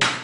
Thank you.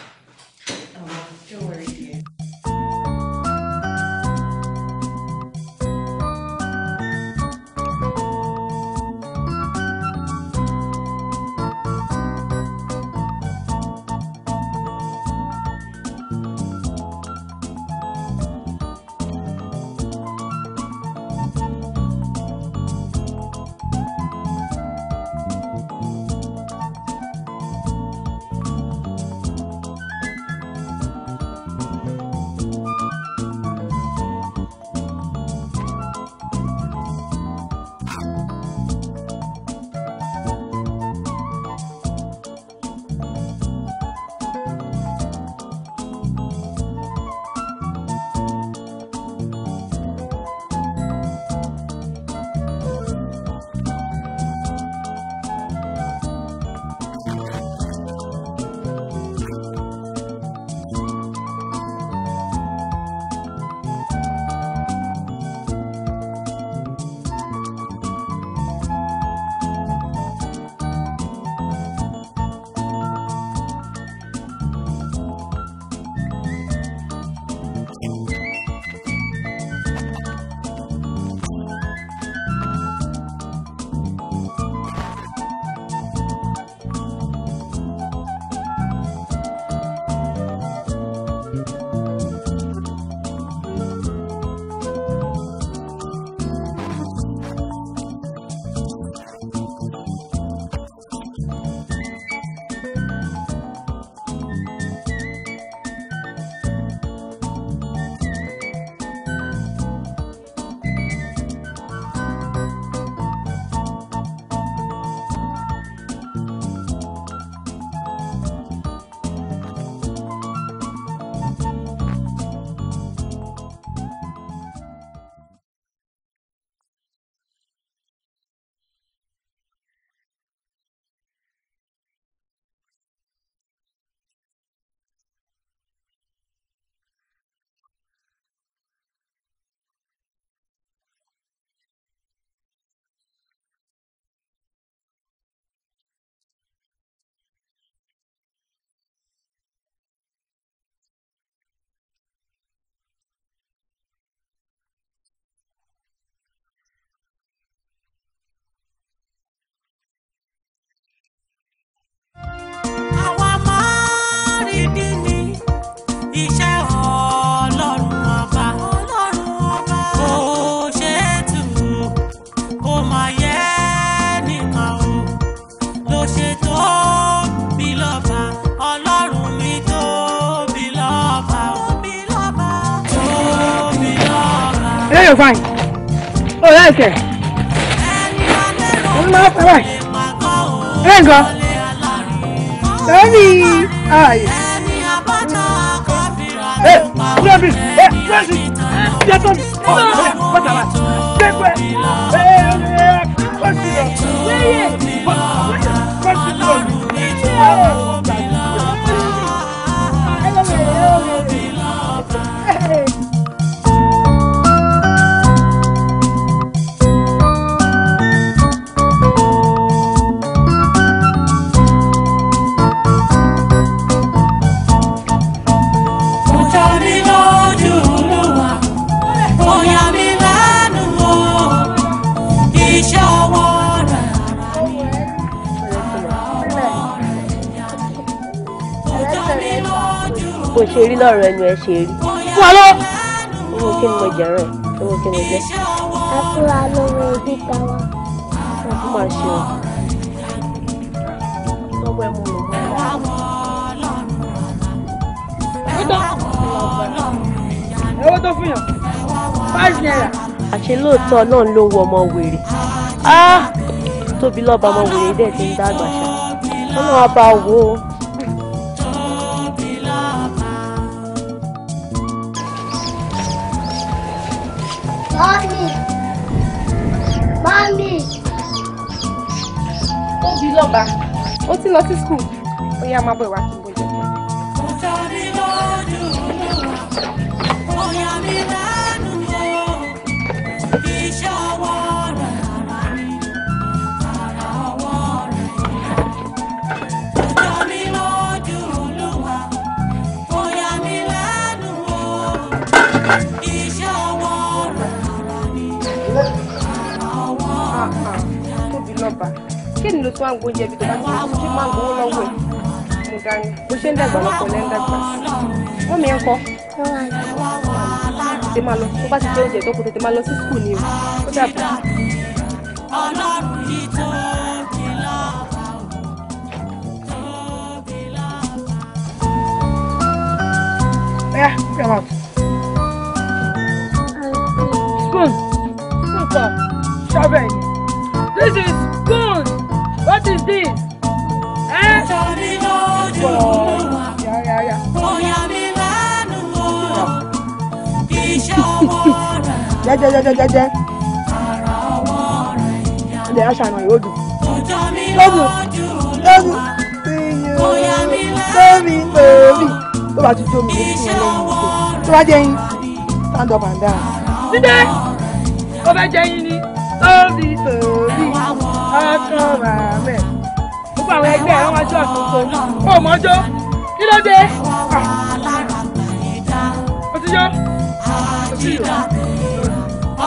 ẹ̀ fáìn ó láìsẹ̀ ẹ̀ máa fẹ́ báyìí ẹ̀ nǹkan lórí ààyè. ẹ kúrẹ́bì ẹ kúrẹ́bì jẹ́ tó ń bọ̀ ọ́ bọ́tà wa jẹ́ pẹ́. ṣe rí lọ́rọ̀ ẹnu ẹ ṣe rí. fún wa lọ. owó kí ni mo jẹ rẹ owó kí ni mo jẹ. a fún wa lọ́wọ́ ẹbí ta wa. wọ́n tún máa ṣe ọ́. lọ́wọ́ ẹ mú mi. owó tó fún yàn five naira. àṣé lóòótọ́ náà ló wọ ọmọ wèrè. Ah! tóbi lọ́ba ọmọ wèrè dẹ̀ ti ń dàgbà ṣá. ọlọ́wọ́ bá wò ó. lọ sí school ó yá máa tó wà ń gbóúnjẹ bí tó bá ti kí máa ń gbowó lọ́wọ́ ẹ̀ mo dání bó ṣe ń dàgbà lọ́kọ̀ lẹ́ ń dàgbà wọ́n mi jẹ́jẹ́jẹ́jẹ́jẹ́ ilẹ̀ aṣàna yóò dùn lọ́dún lọ́dún lómi lómi tó bá ti jó mi lórí ìyẹn lẹ́yìn tó bá jẹ́ yín stand up and down. síbẹ̀ ó fẹ́ jẹ́ yín ni lómi lómi ọkọ màmẹ́ gbogbo àwọn ẹgbẹ́ ẹ̀ wọ́n jọ ọ̀sán tó ó mọ́jọ́ kí ló dé ah. ó ti yọ ó ti yọ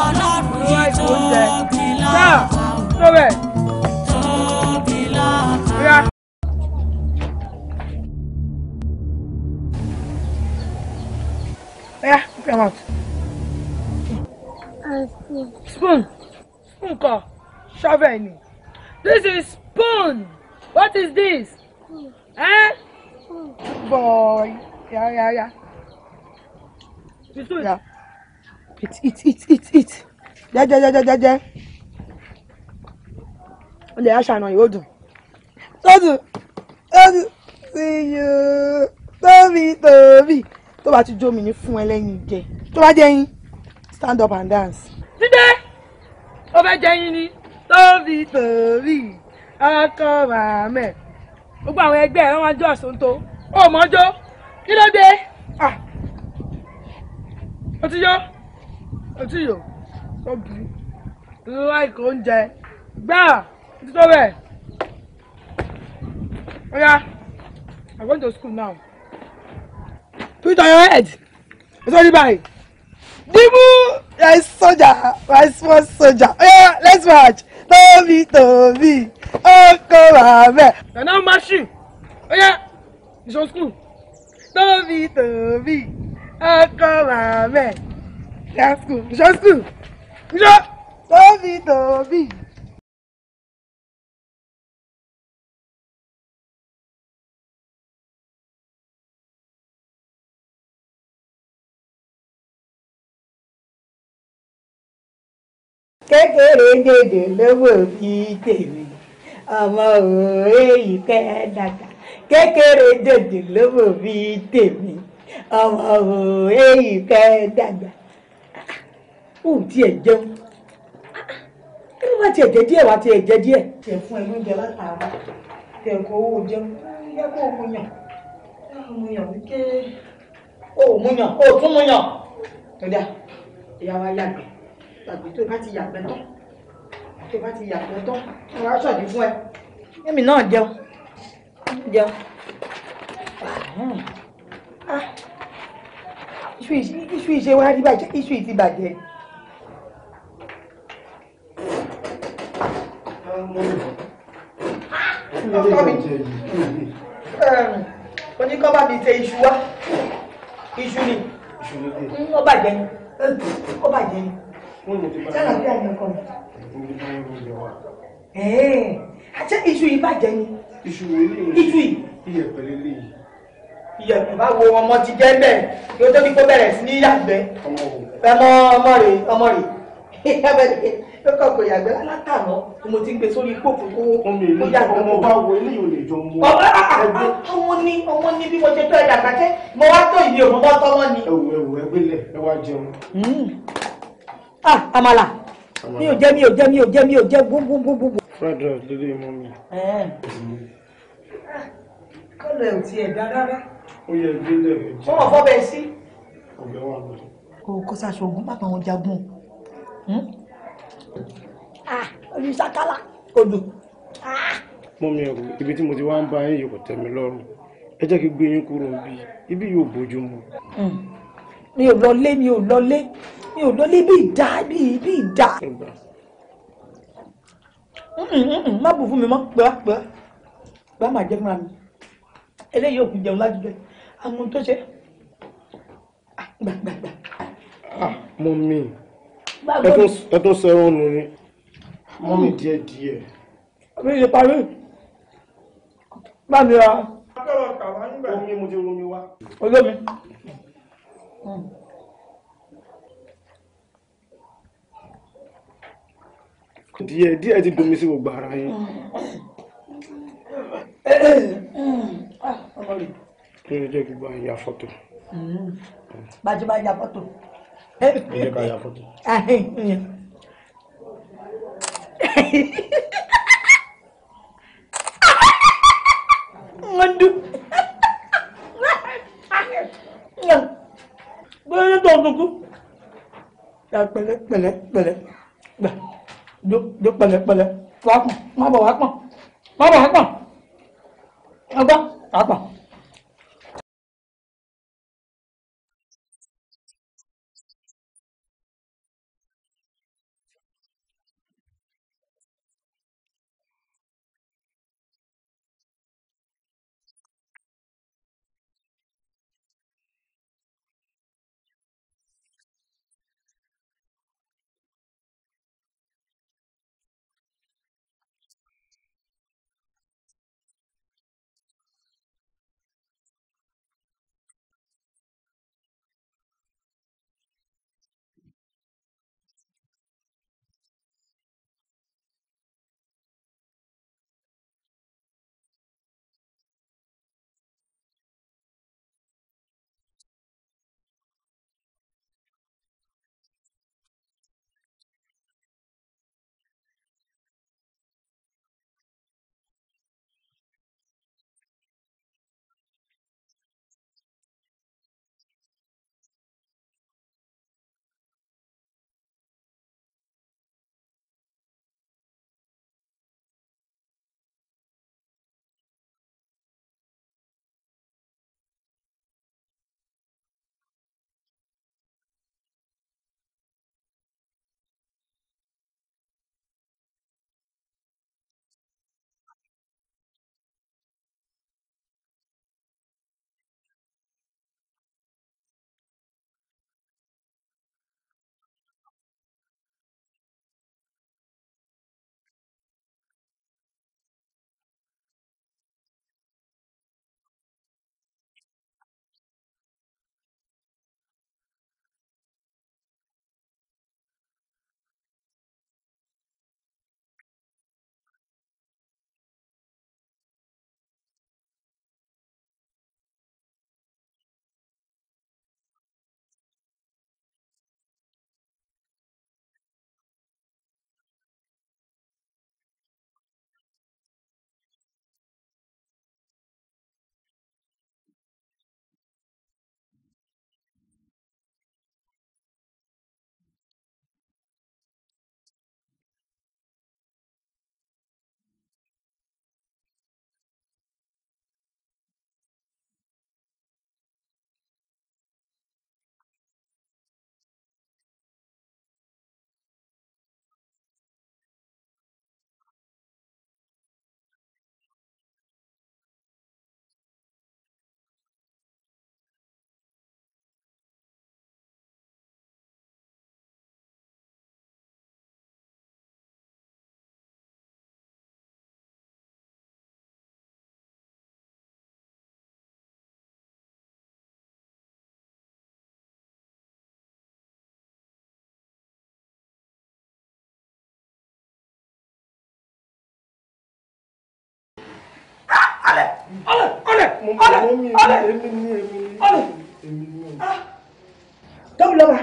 ọlọ́run tóbi láàbà tóbi láàbà. Yeah, come out. Spoon. Spoon. Spoon call. This is spoon. What is this? Eh? Boy. Yeah, yeah, yeah. This one. Yeah eat eat eat eat eat jẹ́jẹ́jẹ́jẹ́jẹ́ ó lè aṣàna yóò dùn tó dùn tó dùn sí yóò tóbi tóbi tó bá ti jó mi ní fún ẹlẹ́yin jẹ tó bá jẹ́ yín stand up and dance. jíde ó fẹ́ jẹ́ yín ni tóbi tóbi ọkọ màmẹ́ gbogbo àwọn ẹgbẹ́ ẹ̀ wọ́n jọ àsonto ó mọ́jọ́ kí ló dé ah. ó ti yọ ọtí yòó tó bù ú láìka oúnjẹ gbáà títí tó bẹ̀ ọ̀yá I going to school now put on your head it's only by dimu my soldier my small soldier ọ̀yá let's march tóbi tóbi ọkọ bàbẹ. nana maṣin ọ̀yá it's on school tóbi tóbi ọkọ bàbẹ. Jasku, Jasku, Jasku, Tobi, Tobi. kékeré dèdè lówó bí tèmi ọmọ òwe yìí fẹ́ dàgbà kékeré dèdè lówó bí tèmi ọmọ òwe yìí fẹ́ dàgbà ó tiẹ̀ jẹun ẹ má tiẹ̀ jẹ díẹ̀ wá tiẹ̀ jẹ díẹ̀. tiẹ̀ fún ẹ lóúnjẹ látara tiẹ̀ kó owó jẹun yẹ kó o mu yàn mu yàn wípé o mu yàn o tún mu yàn. tọ́jà ìyá wa yàgbẹ́ yàgbẹ́ tó bá ti yàgbẹ́ tán tó bá ti yàgbẹ́ tán wọ́n á sọ̀dí fún ẹ. èmi náà jẹun jẹun ah, iṣu ìṣe wa rí bàjẹ́ iṣu ìti bàjẹ́. ọkọ mi oníkọ́ bá mi tẹ iṣu wá iṣu ni ó bàjẹ́ ni ó bàjẹ́ ni sára bí àyè ọkọ mi. àti iṣu yìí bàjẹ́ ni iṣu yìí iyẹ̀pẹ̀ lélẹ́yìí. iyẹ̀pẹ̀ báwo ọmọ ti jẹ́ bẹ́ẹ̀ kí ó tó ní kó bẹ̀rẹ̀ sí ní yàgbẹ́ ọmọ rẹ̀ ọmọ rẹ̀. lọ́kọ̀ kò yàgbẹ́ látàná mo ti gbé sórí pópò kó ó yàgbẹ́ ọmọ bá wo eléyìí ò lè jọ mọ ẹgbẹ́ ọmọ ní ọmọ ní bí mo ṣe tó ẹ̀dà pàtẹ́ mo wá tó ìdí òun bọ́ tọ́wọ́ ni. ẹwù ẹwù ẹgbẹ́lẹ̀ ẹ wá jẹun. Hmm. ah àmàlà mi ò jẹ mi ò jẹ mi ò jẹ mi ò jẹ gbogbogbogbo. fried rice lélẹ̀ mọ́ mi. kọ́lọ̀ ẹ̀ ò tiẹ̀ dá rárá. ó yẹ gbẹ́lẹ̀ ẹ̀ jẹ́. wọ́n mọ̀ fọ́ bẹ́ẹ̀ sí. ọ̀gbẹ́ wà lọ. kò kọ́sà ṣoògùn bàbá wọn jagun. Hmm? olùsàkálà kò dùn. mọ mi ẹrù ibi tí mo ti wá ń bá yín yìí kò tẹ́ mi lọ́rùn ẹ jẹ́ kí gbé yín kúrò bí ibi yóò bójú mu. Hmm. mi ò lọlé mi ò lọlé mi ò lọlé bí ìdá bí ibi ìdá. Hmm, hmm, má bù fún mi mọ́ pẹ́ pẹ́ pẹ́ máa jẹ́ fúnra mi eléyìí òkú jẹun lájújọ àwọn tó ṣe gbàgbàgbà. mọ mi gbàgbọ́. ẹ tó sẹ́wọ́n nù ni mọ́ mi díẹ̀ díẹ̀. àbí ìyè parí báyìí ra. omi mo ti romi wá. olómi. díẹ̀ díẹ̀ ti domi sí gbogbo ara yín. kí ni jẹ́ kí bá ń ya fọ́tò. Hmm. bájú bá ya fọ́tò. Ei kajaputi. Ai. Ngandu. Yang. Boleh dong buku. Dah boleh, boleh, boleh. Dah. Duk, duk boleh, boleh. Wak, mau bawa wak mau. Mau bawa wak mau. Apa? Apa? ọlẹ ọlẹ ọlẹ ọlẹ ọlẹ dábìlì ọba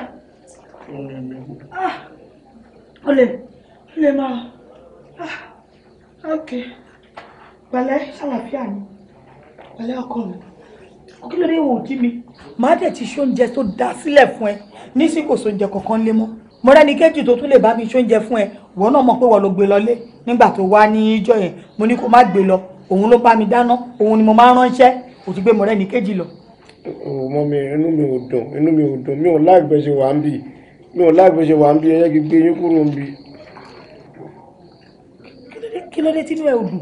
ọlẹ ọlẹ máa ok pẹ̀lẹ́ ṣàlàfíà ni pẹ̀lẹ́ ọkọ mi kí ló dé wò ó jí mi màá dẹ̀ ti ṣóúnjẹ tó dá sílẹ̀ fún ẹ nísìnyí kò sóúnjẹ kankan lé mọ́ mo rẹ́ni kéjì tó tún lè bá mi ṣóúnjẹ fún ẹ wọ́n náà mọ̀ pé wọ́n ló gbé lọ lé nígbà tó wá ní ìjọ yẹn mo ní kó má gbé lọ òun ló bá mi dáná òun ni mo máa ń ránṣẹ́ ó ti gbé mọ̀rẹ́ ní kejì lọ. ọmọ oh, mi inú mi ò dùn inú mi ò dùn mi ò láìpẹ́ ṣe wà ń bì mi ò láìpẹ́ ṣe wà ń bì ẹ jẹ́ yín kúrò ń bì. kí ló dé tínú ẹ ò dùn.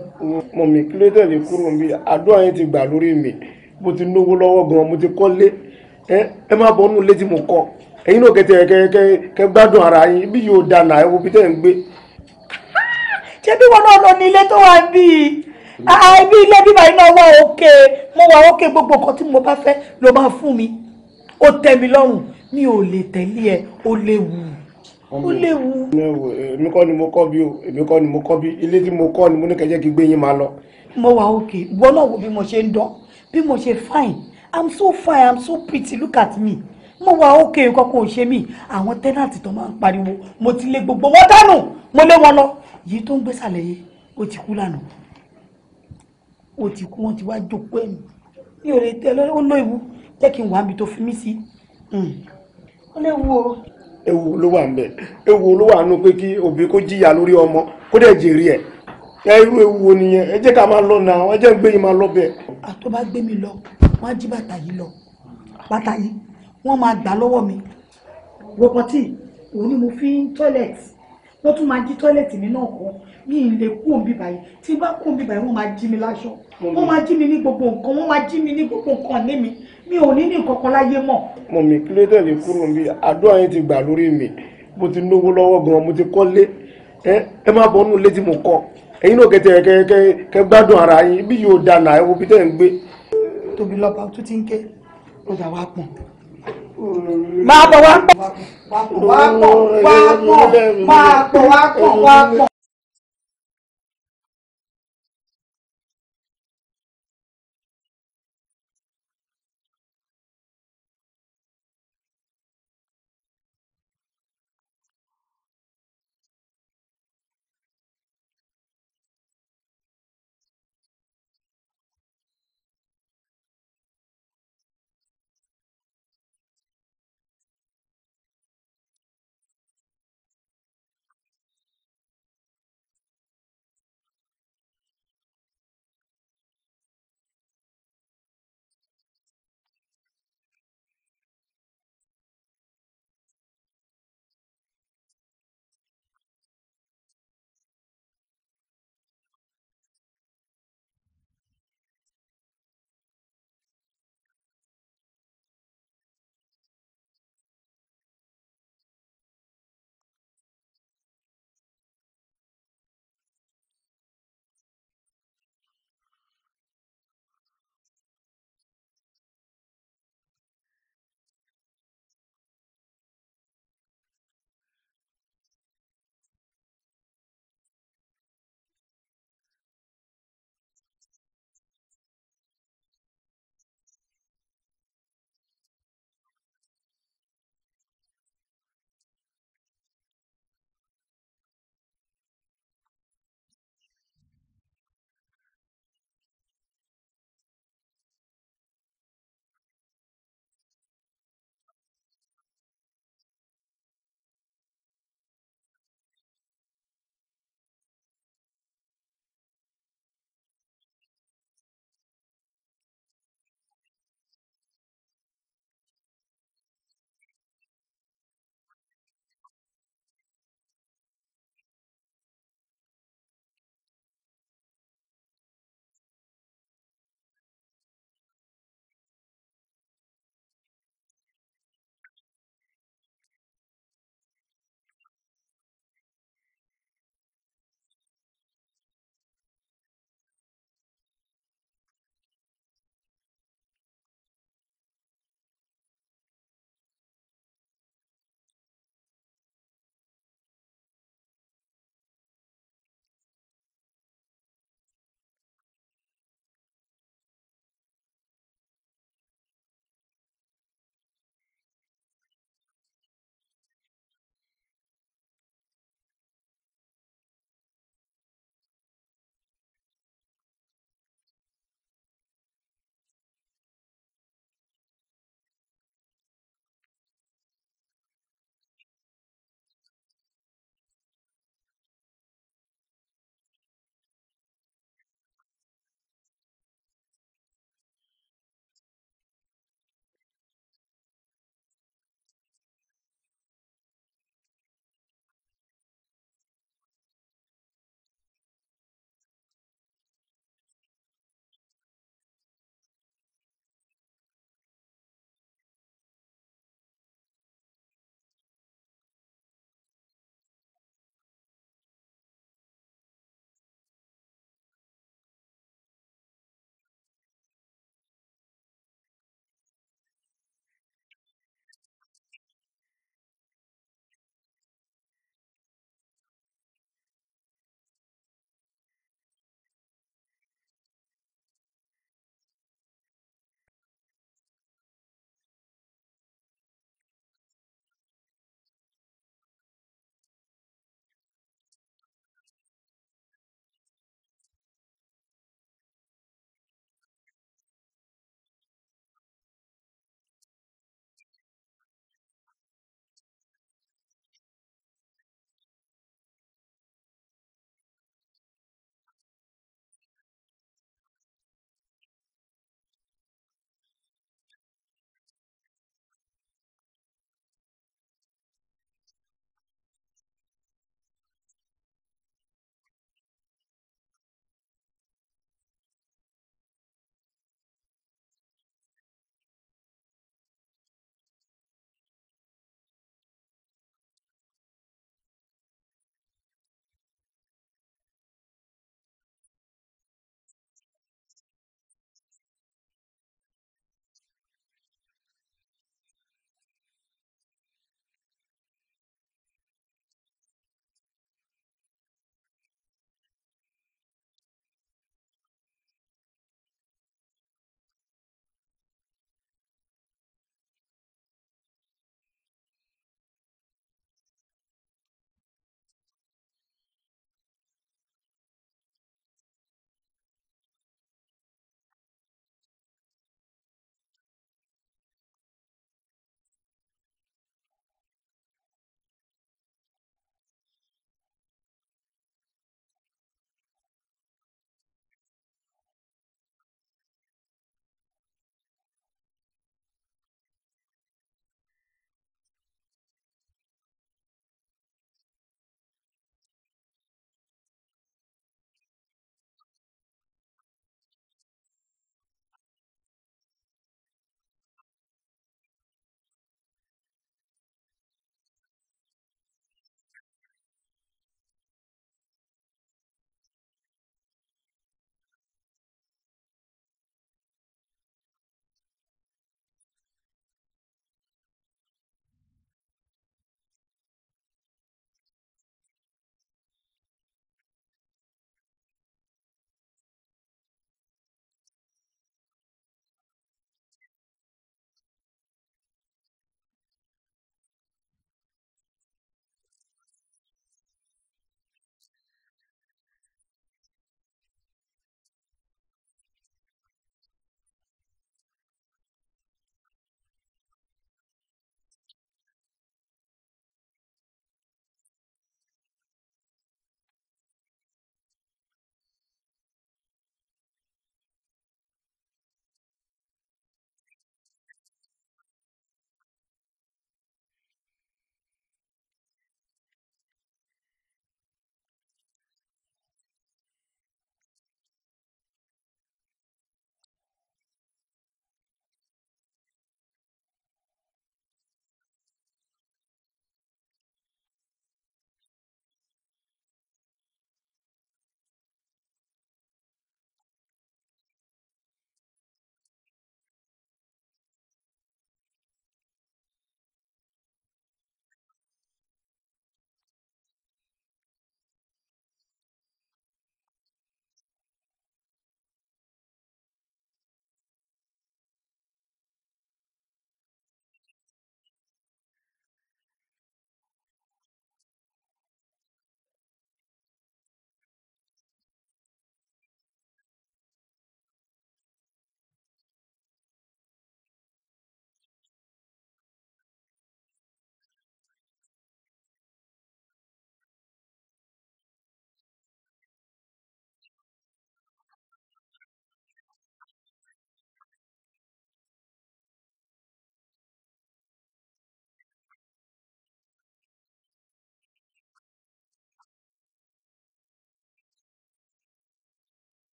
ọmọ mi kí ló dé tẹ̀lé kúrò ń bì àdúrà yín ti gbà lórí mi mo ti náwó lọ́wọ́ gan mo ti kọ́lé ẹ má bọ́ nù létí mo kọ́ ẹ̀yin náà kẹtẹ kẹ gbádùn ara yín bí yóò dànà ẹ bí tẹ̀ ń gbé. ṣé bí wọn náà lọ ní ilé tó wà ń bí i ibi ah, ah, ilé bíbá iná wà òkè mo wà òkè gbogbo nǹkan tí mo bá fẹ́ ló máa fún mi ó tẹ́ mi lọ́rùn mi ò lè tẹ̀lé ẹ ó léwu ó léwu. èmi kọ́ ni mo kọ́ bí o èmi kọ́ ni mo kọ́ bí ilé tí mo kọ́ ni mo ní kẹjẹ́ kí gbé yín máa lọ. mo wà òkè ìwọ náà wo bí mo ṣe ń dán bí mo ṣe fine i'm so fine i'm so pretty look at me mo wà òkè nǹkan kò ṣe mí àwọn tẹ́nàtì tó máa ń pariwo mo ti lé gbogbo wọn dànù mo lé wọn lọ yìí tó ń gbé sàlẹ̀ yìí ó ti kú lánàá o ti kú wọ́n ti wá jókòó ẹ̀mí mi ò lè tẹ́ lọ́wọ́ ó léwu jẹ́ kí n wà níbi tó fi mí sí hmm. ó léwu o. ewu ló wà ń bẹ ewu ló wà nù pé kí òbí kó jìyà lórí ọmọ kó dẹ̀ jèrè ẹ̀ ẹ irú ewu wo nìyẹn ẹ jẹ́ ká máa lọ nà ẹ jẹ́ gbé yín máa lọ bẹ́ẹ̀. àtọ́ bá gbé mi lọ wọ́n á jí bàtà yìí lọ bàtà yìí wọ́n máa gbà lọ́wọ́ mi. wọ́pọ̀tì òun ni mo fi ń tọ́lẹ̀tì wọ́n tún máa jí tọ́lẹ̀tì mi náà kọ́ mi ì lè kú òun bíbá yìí tí bá kú òun bíbá yìí wọ́n máa jí mi láṣọ wọ́n máa jí mi ní gbogbo nǹkan wọ́n máa jí mi ní gbogbo nǹkan ní mi mi ò ní ní nǹkan kan láyé mọ́. mo mi kí ló tẹ̀lé kúrò mi àdúrà yẹn ti gbà lórí mi mo ti náwó lọ́wọ́ gan mo ti kọ́lé ẹ má bọ́ nù létí mo kọ́ ẹ̀yin náà kẹtẹ kẹ kẹ gbádùn ara yín bí yóò da nà ẹ wo bí tẹ̀ ń gbé. tóbi lọ́ba tó ti ń ké ó dà wá pọ̀ máa bọ̀ wá pọ̀ wá pọ̀ wá pọ̀ wá pọ̀ wá pọ̀ wá pọ̀ wá pọ̀.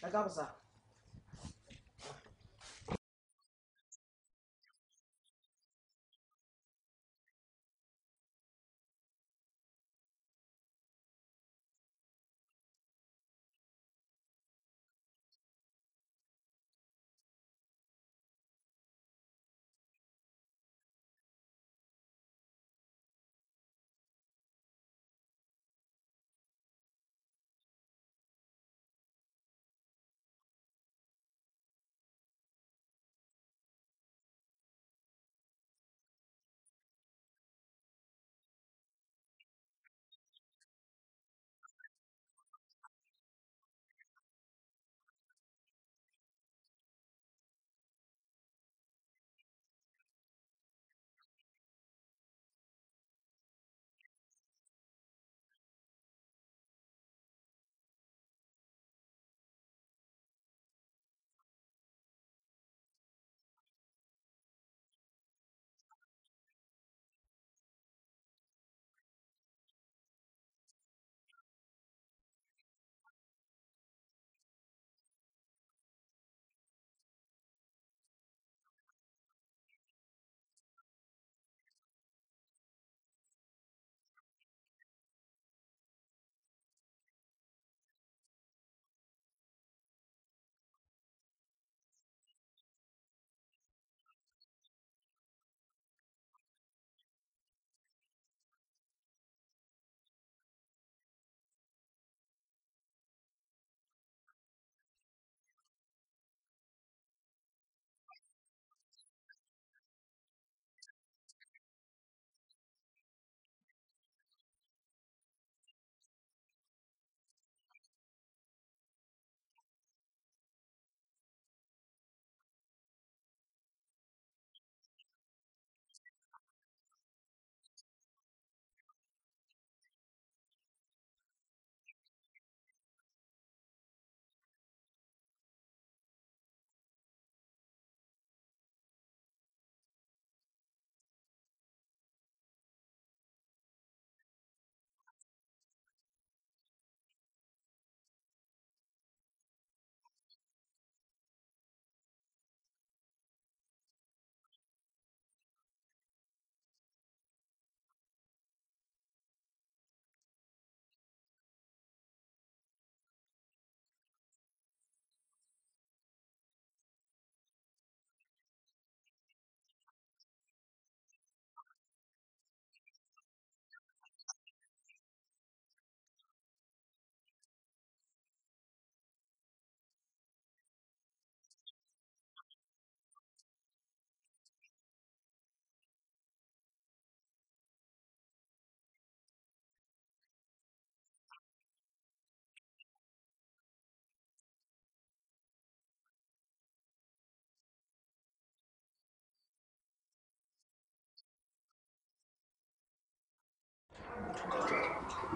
在搞不是？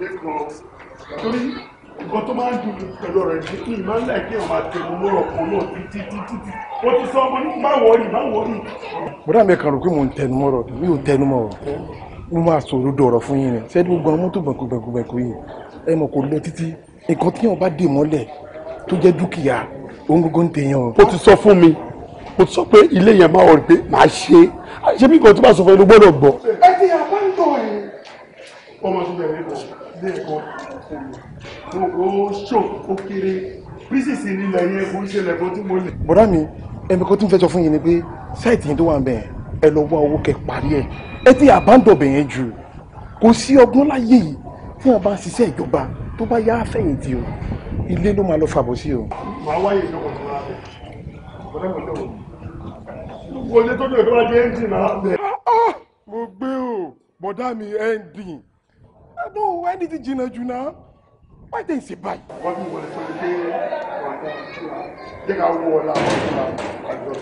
lẹ́kọ̀ọ́ torí nǹkan tó máa ń dùn pẹ̀lú ọ̀rọ̀ ìdí kí ìmọ̀ ńlá ìdí ọ̀ma tẹ̀mú lọ́rọ̀ kan náà títí títí tí ó ti sọ ọmọ nípa wọ́ọ̀rì má wọ́ọ̀rì. bùrọ̀dá mi kàn rò pé mò ń tẹnu mọ́rọ̀ mi ò tẹnu mọ́ mo máa sọ̀rọ̀ dọ̀rọ̀ fún yín ni sẹ́ni gbogbo àwọn mọ́tò bẹ̀kúbẹ̀kúbẹ̀kú yìí ẹ mọ̀ kò lọ títí nǹkan tí yàn bá dè mọ́lẹ̀ tó jẹ́ dúkìá òun gbogbo ń tèèyàn. ó ti sọ fún mi mo sọ pé ilé yẹn máa wọ̀ pé màá ṣe é ṣé bí nǹkan tó bá sọ fún ẹni gbọ́dọ̀ gbọ́. ẹ ti àbá ń tọ̀ ẹ̀. ọmọ tó bẹ̀rẹ̀ bọ̀ lẹ́ẹ̀kan ó ṣò ó kéré bísíìsì nílẹ̀ yẹn kò ń ṣẹlẹ̀ kan tí mo lè. bọ́dá mi ẹnì kan tún fẹ́ sọ fún yín ni pé sáìtì yẹn tó wà ń bẹ̀ ẹ lọ wá owó kẹ parí ẹ ẹ ti àbádọ̀ yẹn jù kò sí ọgbọ́n láyé yìí tí wọ́n bá ń ṣiṣẹ́ ìjọba tó bá yá fẹ̀yìntì o ilé ló máa lọ fàbọ̀ sí o. màá wáyé ìjọkọ̀ tó rà bẹ̀ bọ́dá mi tó dé ìdọ́wájú ẹ́ńjìn náà. Ah, ah, mo gbé o bọ̀dá mi ẹ́ńjìn no ẹni tí jìnnà jù náà why dey ṣe báyìí. wọ́n mú wọlé sọ pé wà á jẹ́ ká wọ ọ̀la wọ́n tún wa àjọ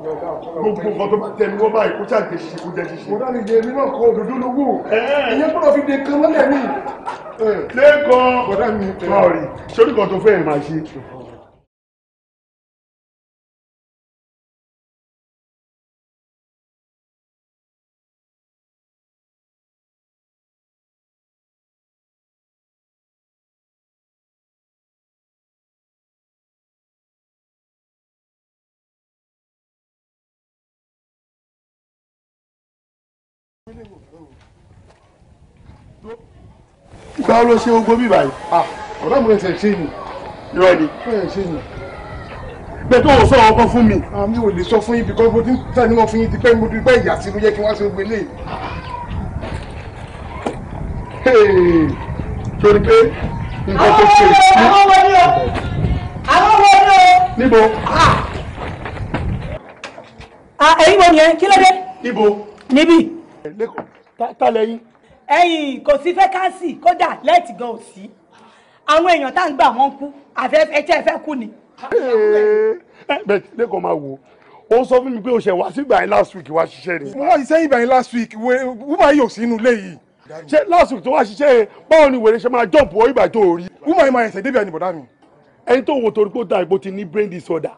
gbogbo nǹkan tó bá tẹnu wọn báyìí kó ṣàǹtẹ̀ ṣe kó jẹ ṣiṣẹ́. mo dá jẹ èmi náà kọ lówó ìyẹn gbọ́dọ̀ fi de kan mọ́lẹ̀ mi. lẹ́ẹ̀kan sọ́ọ̀rì sórí kan tó fẹ́ẹ̀ máa ṣe. ìgbà wo ló ṣe ogo bí báyìí. ọ̀rẹ́ mi ẹsẹ̀ ṣe ni. irọ́ ni. ẹ̀ ṣe ni. bẹ́ẹ̀ tó o sọ ọkọ fún mi. àmì ò lè sọ fún yín bíkọ́ mo ti ń tànímọ̀ fún yín ti pẹ́ mo ti pẹ́ ìyá sínú yẹ kí wọ́n ṣe gbé lé. torí pé nǹkan tó ṣe. àwọn ọmọ ni àwọn ọmọ ni o. níbo. ẹ̀yin wo ni ẹ kí ló dé. níbo. níbí. ta lẹ́yìn ẹ̀yìn kò sí fẹ́kánsì kódà lẹ́ẹ̀tì gan ò sí àwọn èèyàn tá à ń gbà wọ́n kú àfẹ́fẹ́ tí ẹ fẹ́ kú ni. Eh, eh, bẹ́ẹ̀ lẹ́kọ̀ọ́ máa wò ó sọ fún mi pé o ṣẹ̀ wá sí ìgbà last week wá ṣiṣẹ́ ni. mo wá ṣiṣẹ́ ìgbà last week wúmọ̀ yìí ò sínú ilé yìí. ṣé last week tó wá ṣiṣẹ́ báwo ni wèrè ṣe máa jump wọ ìgbà tó rí. wúmọ̀ yìí máa ẹsẹ̀ débi àyìnbọ̀dá mi. ẹni tó wo torí pé ó da ìbò ti ní brain disorder.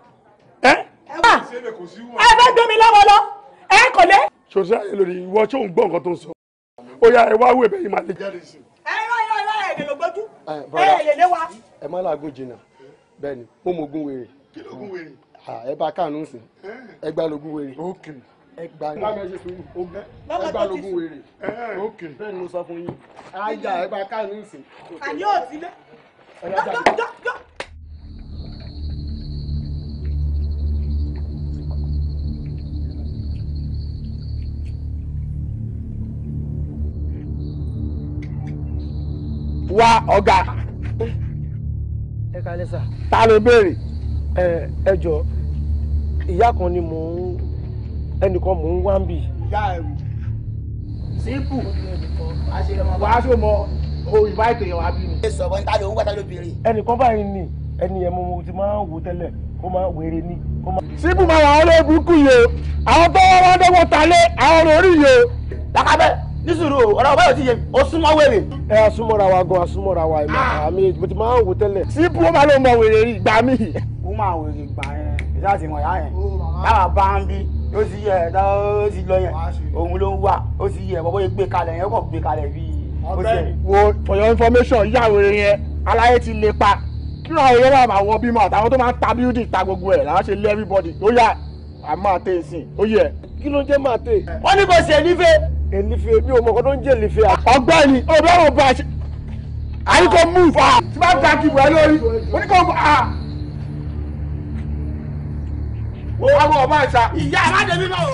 Eh? ẹ bá gbé mi lọ́wọ́ lọ ẹ kò lé. ṣòṣe àyè lórí ìwọ ṣóun gbọ́ nǹkan tó ń sọ ó yá ẹ wá wò bẹ́ẹ̀ máa lè jáde sí. ẹ rọ irọ́ irọ́ ẹ̀ẹ́dẹ̀ ló gbójú ẹ̀ẹ́dẹ̀ lé wa. ẹ má làágùn jìnnà bẹ́ẹ̀ ni mo mọ ogun wèrè. kí ló gun wèrè. ẹ bá káànù sí ẹ gbá lógún wèrè. ókè ẹgbà ní ẹgbà lógún wèrè. ókè bẹ́ẹ̀ ni mo sọ fún yín. ayà ẹ bá káànù sí. àní ò sílé. wá ọ̀gá. ta ló béèrè. ẹ jọ ìyá kan ni mò ń ẹnìkan mò ń wá ń bì. ìyá ẹrù sípù mọ bí mi. sọ̀rọ̀ ní ta ló ń wá ta ló béèrè. ẹnìkan báyìí ni ẹni mo ti máa ń wò tẹ́lẹ̀ kó máa sípù máa wà ọ́ lóògùn kù yìí o àwọn tó wọ́n wọ́n ta lé àwọn orí yìí o. lákàbẹ́. nísìrò ọ̀rọ̀ ọ̀bá yóò ti yẹ o súnmọ́ wèrè. ẹ asúmọ́ra wa gan asúmọ́ra wa ah! àmì mo ti máa ń wò tẹ́lẹ̀. síbú ó máa ló mọ wèrè rí gbà mí. ó máa wèrè gbà yẹn ìṣáà ti mọ̀ yẹn lára bá ń bí ó ti yẹ ẹ̀dá ó ti lọ yẹn òun ló ń wà ó ti yẹ bọ́bọ́ gbé kalẹ̀ yẹn ó kàn gbé kalẹ̀ bí. wo for your information ìyá wèrè yẹn aláyé ti lè pa kí ló yẹ máa wọ bímọ àtàwọn tó máa ń ta building ta gbogbo ẹ̀ làwọn ṣe lé everybody ó yà á máa tẹ̀ sí i ó yẹ. kí ló ń jẹ́ máa tẹ̀. wọ́n ní kò ṣe nífẹ̀ẹ́ èlìfẹ́ mi ò mọ ọkọ tó ń jẹ́ èlìfẹ́. ọ̀gbẹ́ni ọlọ́run bá a ṣe àyè kò move a tí bá ta kí wẹ́ lórí oníkó a. Ah! àwọn ọba àṣà ìyá aládé mi náà.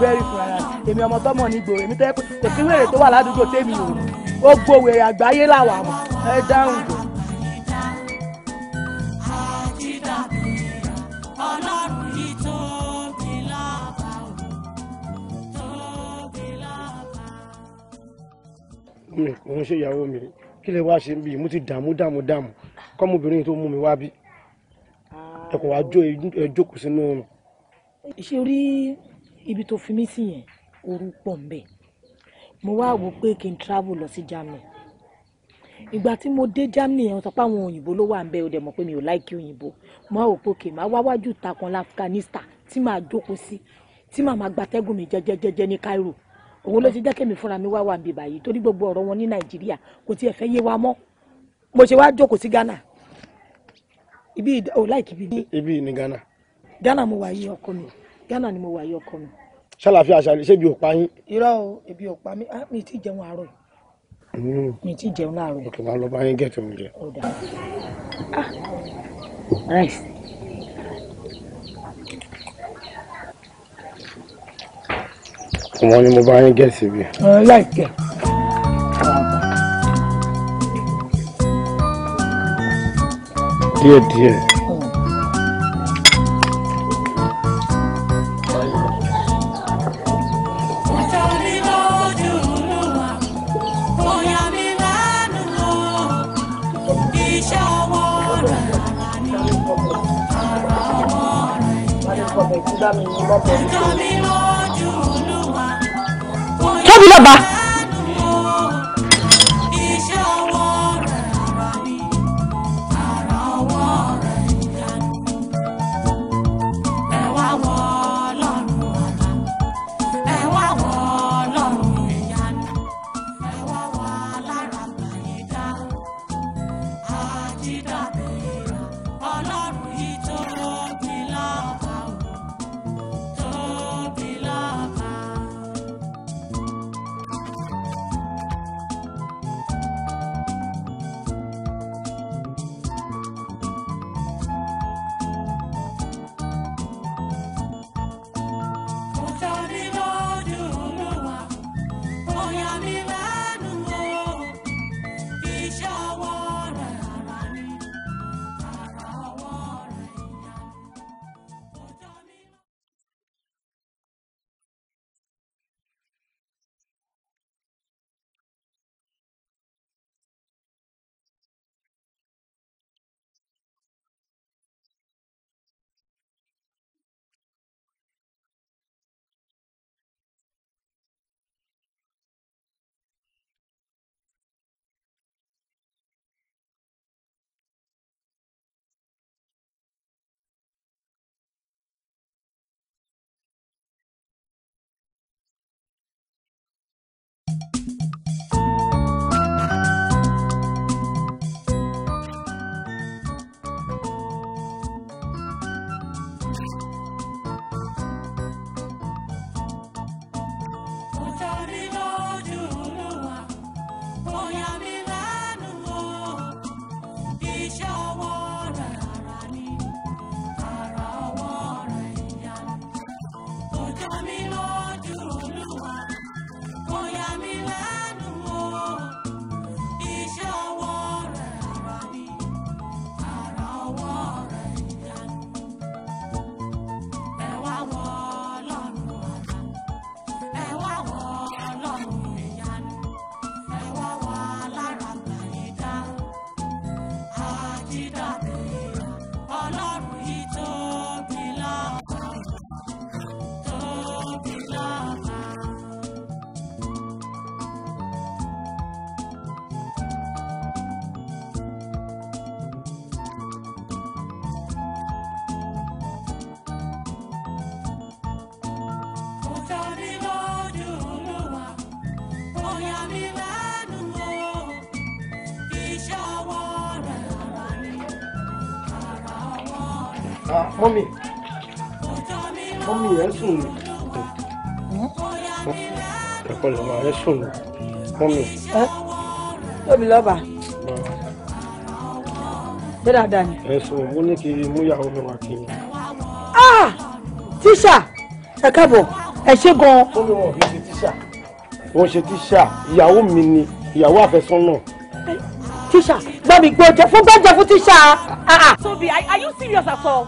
búrẹ́rì fún ara èmi ọmọ tọmọ ní gbòòrò èmi tẹ́ kò tó wà ládùúgbò tèmi ò ó gbòòwèrè àgbáyé làwà mọ̀ ẹ dáhùn jù. mi kò ń ṣe ìyàwó mi kí lè wá ṣe bí mo ti dààmú dààmú dààmú kọ́mọbìnrin tó mú mi wá bí ẹ wá jó ẹ jókòó sínú oòrùn. ṣé ibi tó fi mí sí yẹn ooru pọ̀ ń bẹ̀ mo wá wò pé kí n travel lọ sí Germany ìgbà tí mo dé Germany yẹn sọ pé àwọn òyìnbó ló wà ń bẹ ó dẹ̀ mọ̀ pé mi ò láìkí òyìnbó mo wá wò pé kì máa wáwájú ta kan tí màá jókòó sí tí màá máa gbatẹ́gùn mi jẹjẹjẹjẹ ní Cairo òun ló ti jẹ́ kémi fúnra mi wá wà níbi báyìí torí gbogbo ọ̀rọ̀ wọn ní Nàìjíríà kò tiẹ̀ fẹ́ yé wa mọ́ mo ṣe wá jókòó sí Ghana ibi ò láìkí ibi ni Ghana. Ghana mo wà yí ọkọ mi Ghana ni mo wà yí ọkọ mi ṣàlàfíà ṣàlẹ ṣé ibi ò pa yín. irọ́ o ibi ò pa mi ah, mi ti jẹun àárọ̀ hmm. mi ti jẹun láàárọ̀. òkè máa lọ bá yín gẹ̀ẹ́tì oúnjẹ. Ah, rice. ọmọ ni mo bá yín gẹ̀ẹ́sì bí. láìpẹ́. díẹ̀ díẹ̀. Baba. mọ́mì mọ́mì ẹ̀ sùn ni ẹ̀kọ́ lè máa ẹ̀ sùn ni mọ́mì. ẹ tóbi lọ́ba bẹ́ẹ̀ dáadáa ni. ẹ sùn mo ní kí múyàwó mi wá kí n. Ah! tíṣà ẹ káàbọ̀ ẹ ṣé gan-an. mọ́mì wọn kì í ṣe tíṣà wọ́n ṣe tíṣà ìyàwó mi ni ìyàwó àfẹ́sọ́nà tíṣà gbọ́ mi gbọ́ jẹ fún gbọ́ jẹ fún ah, ah. are you serious at all?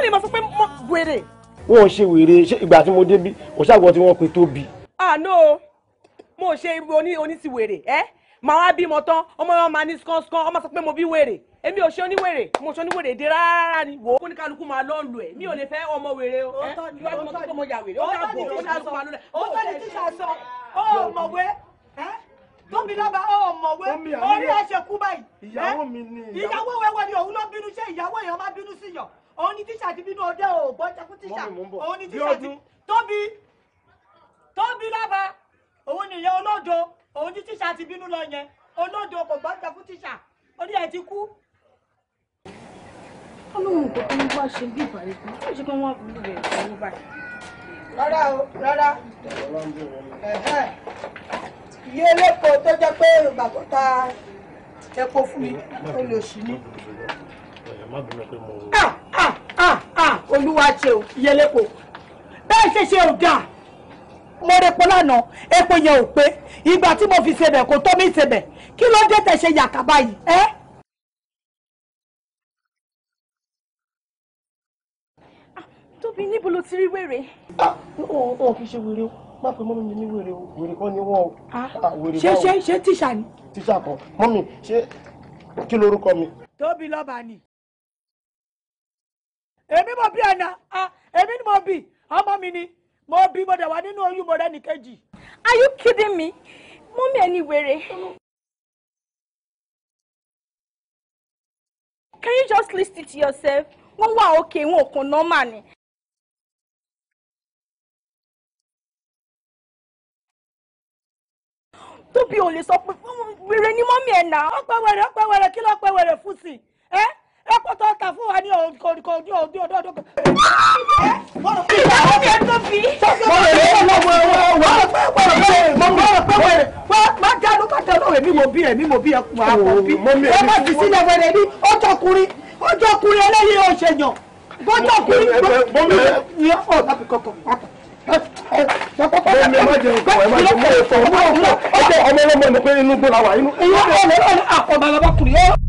wọ́n lè máa fún pé mọ́ wèrè. wọn ò ṣe wèrè ṣé ìgbà tí mo débi kò ṣàgbọ́ tí wọ́n pe tóbi. àná o mo ṣe oní oní ti wèrè ẹ màá wá bímọ tán ọmọ yẹn máa ní skánskán ọmọ sọ pé mo bí wèrè èmi ò ṣe oníwèrè mo ṣe oníwèrè dé rárá ni wò ó ní kálukú máa lọ lù ẹ mi ò lè fẹ́ ọmọ wèrè o ẹ ìwà tí mo tún kọ́ mo yà wèrè ó dà bọ̀ ó dà bọ̀ ó tẹ̀lé tíṣà sọ ó mọ̀wé tóbi lọ́ba ó mọ̀wé orí ẹ̀ ṣe kú báyìí ìyàwó mi ni ìyàwó wẹ́wẹ́ ni òun ló bínú ṣé ìyàwó èèyàn má òun ni tíṣà ti bínú ọdẹ ò gbọ́ takú tíṣà òun ni tíṣà ti tóbi tóbi lába òun nìyẹn olódo òun ni tíṣà ti bínú lọ yẹn olódo kò gbọ́ takú tíṣà orí ẹ̀ ti kú. ọlọ́run kò tó ń bá ṣe bí ìbàrẹ̀ kan ó ṣe kí wọ́n fi lè ṣe owó báyìí. rárá o rárá iye elépo tó jẹ́ pé ìgbà tó ta epo fún mi ó lè ṣí ní. ẹ má bínú pé mo. Ah! Ah, ah, olúwa ṣe o yẹlẹ́pọ̀ bẹ́ẹ̀ ṣe ṣe ò dáa mo repo lánàá epo yẹn ò pé ìgbà tí mo fi ṣebẹ̀ kò tó mi ṣebẹ̀ kí ló dé tẹ̀ ṣe yàtà báyìí ẹ́. Ah, tóbi níbo ló ti rí wèrè. wọn kì í ṣe wèrè o má pe mọ́mí mi ní wèrè o wèrè kan ni wọ́n o. ṣé ṣé ṣé tíṣà ni. tíṣà kan mọ́mí ṣé kí lorúkọ mi. tóbi lọ́ba ni. èmi mọ̀ bí àná èmi ni mo bi ọmọ mi ni mo bí mo dẹ̀ wá nínú oyún mo rẹ́ nìkejì. are you kidding me? mú mi ẹni wèrè. can you just list it yourself? wọ́n wà òkè wọn ò kàn nọ́mà ni. tóbi ò lè sọ pé wèrè ni mọ́mí ẹ̀ nà. ọ̀pẹ̀ wẹ̀rẹ̀ ọ̀pẹ̀ wẹ̀rẹ̀ kí ló pẹ̀ wẹ̀rẹ̀ fún sí i. ẹ̀kọ́ tó ta fún wa ní òdìkò ní òdì ọdún ọdún kan. bọ́lá bí ìyàwó mi tó bí. bọ́lá bí ìyàwó mi tó bí. má dánú má dánú èmi mo bí èmi mo bí ẹkùn àwọn bí. wọ́n bá ti sílẹ̀ wẹ̀rẹ̀ ní ọjọ́kùnrin ọjọ́kùnrin eléyìí ò ṣèyàn. bọ́jọ́kùnrin gbọ́ ọmọ ọlọmọ ní pé inú gbọ́ra wà inú. ọmọ ọlọmọ àkọ́bàlàbà kùnrin.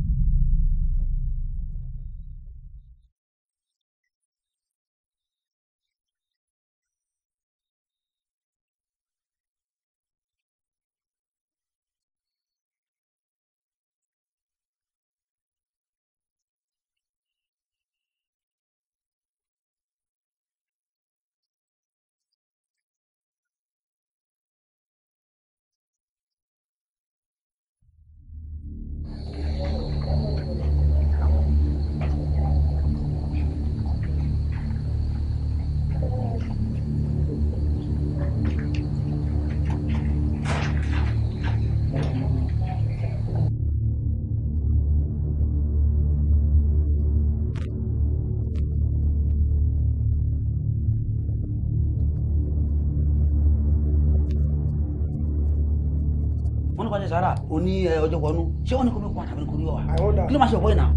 ní eh, ọjọ́ wọnú ṣé wọ́n ní kò mí kọ́ àtàbí kò ní ọ̀wà kí ló máa ṣe ọ̀pọ̀ ìnáwó.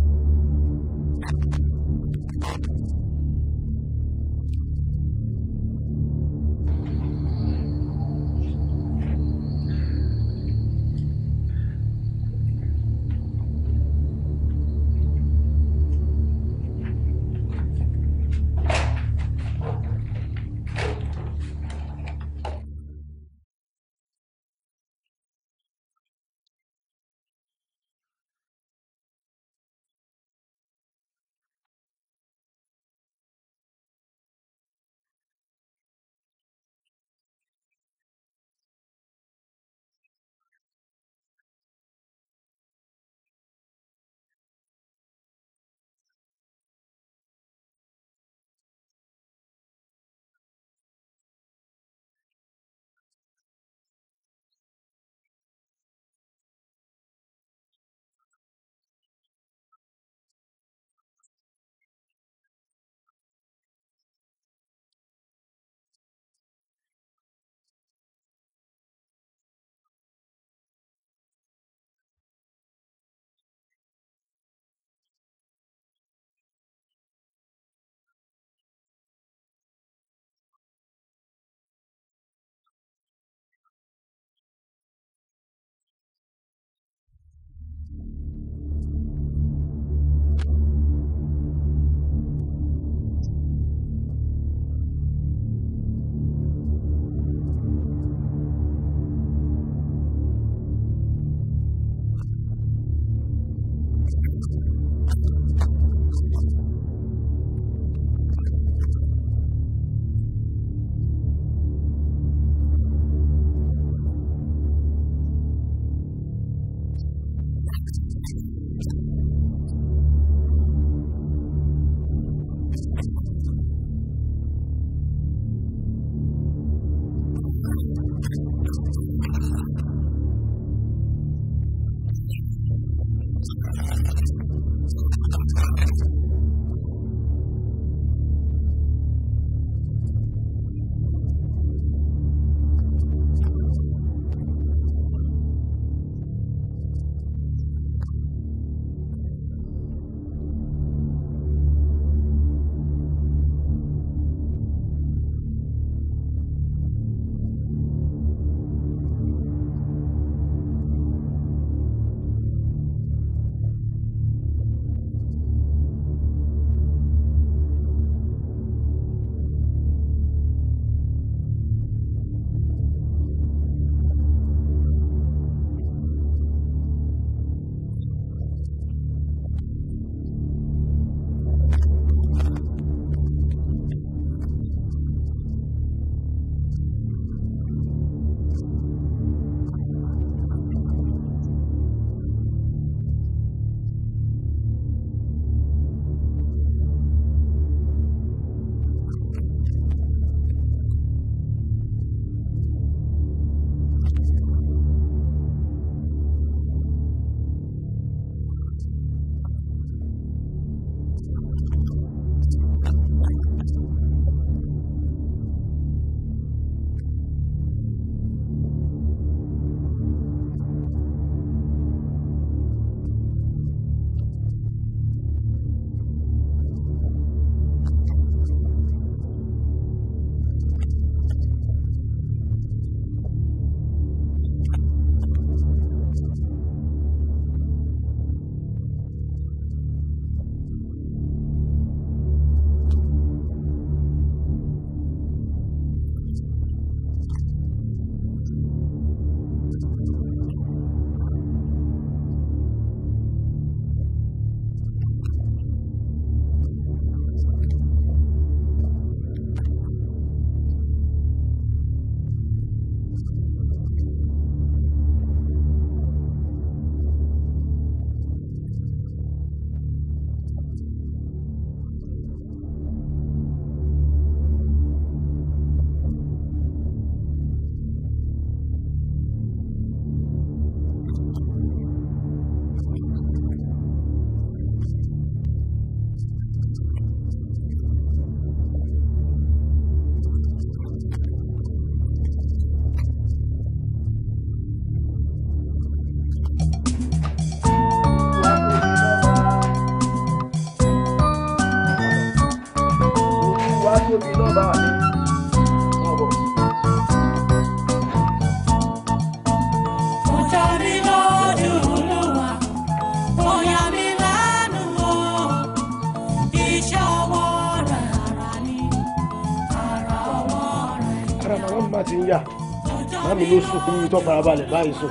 mi tó farabalẹ̀ báyìí sùn.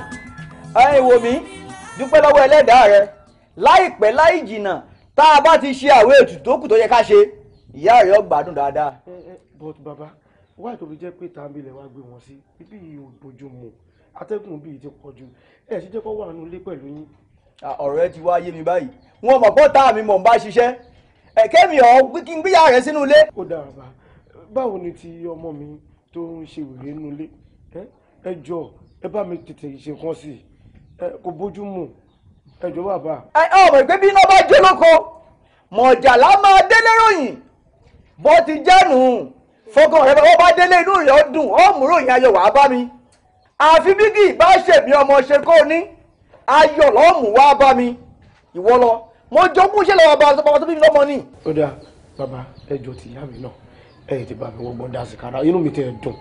ẹ wò mí dúpẹ́ lọ́wọ́ ẹlẹ́dàá rẹ láìpẹ́ láì jìnnà tá a bá ti ṣe àwọn ètùtù tó kù tó yẹ ká ṣe ìyá rẹ ó gbádùn dáadáa. but baba wáyé tó fi jẹ́ pé tàbí ilẹ̀ wa gbé wọn sí ibi yìí ò bójú mu atẹ́gùn bíi ti pọ̀ ju ẹ̀ ṣe jẹ́ kó wà nílé pẹ̀lú yín. ọ̀rọ̀ ẹ ti wá yé mi báyìí wọn mọ̀ pọ́ta mi mọ̀ ń bá ṣiṣẹ́ ẹ̀kẹ́mi ọ̀ kí n gbéyà rẹ̀ sínú ilé. ó dára bá báwo ni ti ọmọ mi tó ń ṣe wèrè nínú ilé ẹ jọ̀ọ́ ẹ bá mi tètè ṣe kán sí i kò bójú mu ẹ jọ bàbá. ẹ ọmọ ìgbé bí iná bá jó lóko mọ̀jàlá máa délé ròyìn bó ti jẹ́nu fọkàn rẹ bọ́ bá délé inú rẹ̀ dùn ó mú ròyìn ayọ̀ wá bá mi àfi bígì ìbá ṣèmi ọmọ ṣe kó ní ayọ̀ lọ́mù wá bá mi ìwọ lọ mo jogún ṣe lọ́wọ́ bá ọba tó bí mi lọ́mọ ni. ó dáa bàbá ẹjọ́ tìyá mi náà ẹ̀ ti bá mi wọ́gbọ́n dá sí kára inú mi tẹ̀ dùn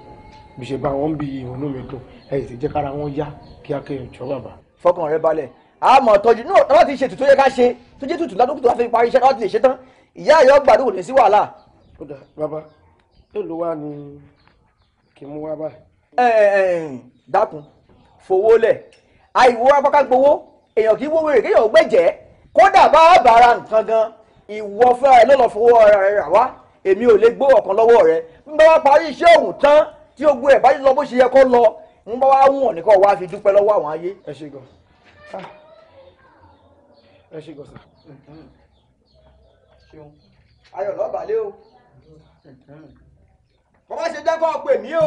bí ṣe bá wọn bí ìrònú mi dùn ẹyìn tí jẹ́ kára wọn yá kíákẹ́ ìjọ bàbá. fọkàn rẹ balẹ̀ a mọ̀ tọ́jú náà tọ́lá ti ṣe ètùtù yẹ ká ṣe tó jẹ́ tutù ládùúgbò tó wá fi parí iṣẹ́ láti lè ṣe tán ìyá ìyá ọgbà tó sí wàhálà. ó dà bàbá èlò wa ni kì í mú wá báyìí. ẹ ẹ dákun fowó lẹ àìwò apáká gbowó èèyàn kì í wówó èrè kéèyàn gbẹ̀jẹ̀ kódà bá a bàrà nǹkan gan ìwọ fúnra rẹ ló fowó ara rẹ rà wá èmi ò lè gbó ọ̀kan lọ́wọ́ rẹ ń bá wa parí iṣẹ́ òun tán tí ogun ẹ̀ bá lọ bó ṣe yẹ kó lọ ń bá wá wọ̀n nìkan wá fi dúpẹ́ lọ́wọ́ àwọn ayé. ẹ ṣe gan ah. ẹ ṣe gan sà. ayọ̀ lọ́bàálẹ̀ o bàbá ṣe jẹ́ kó o pè mí o.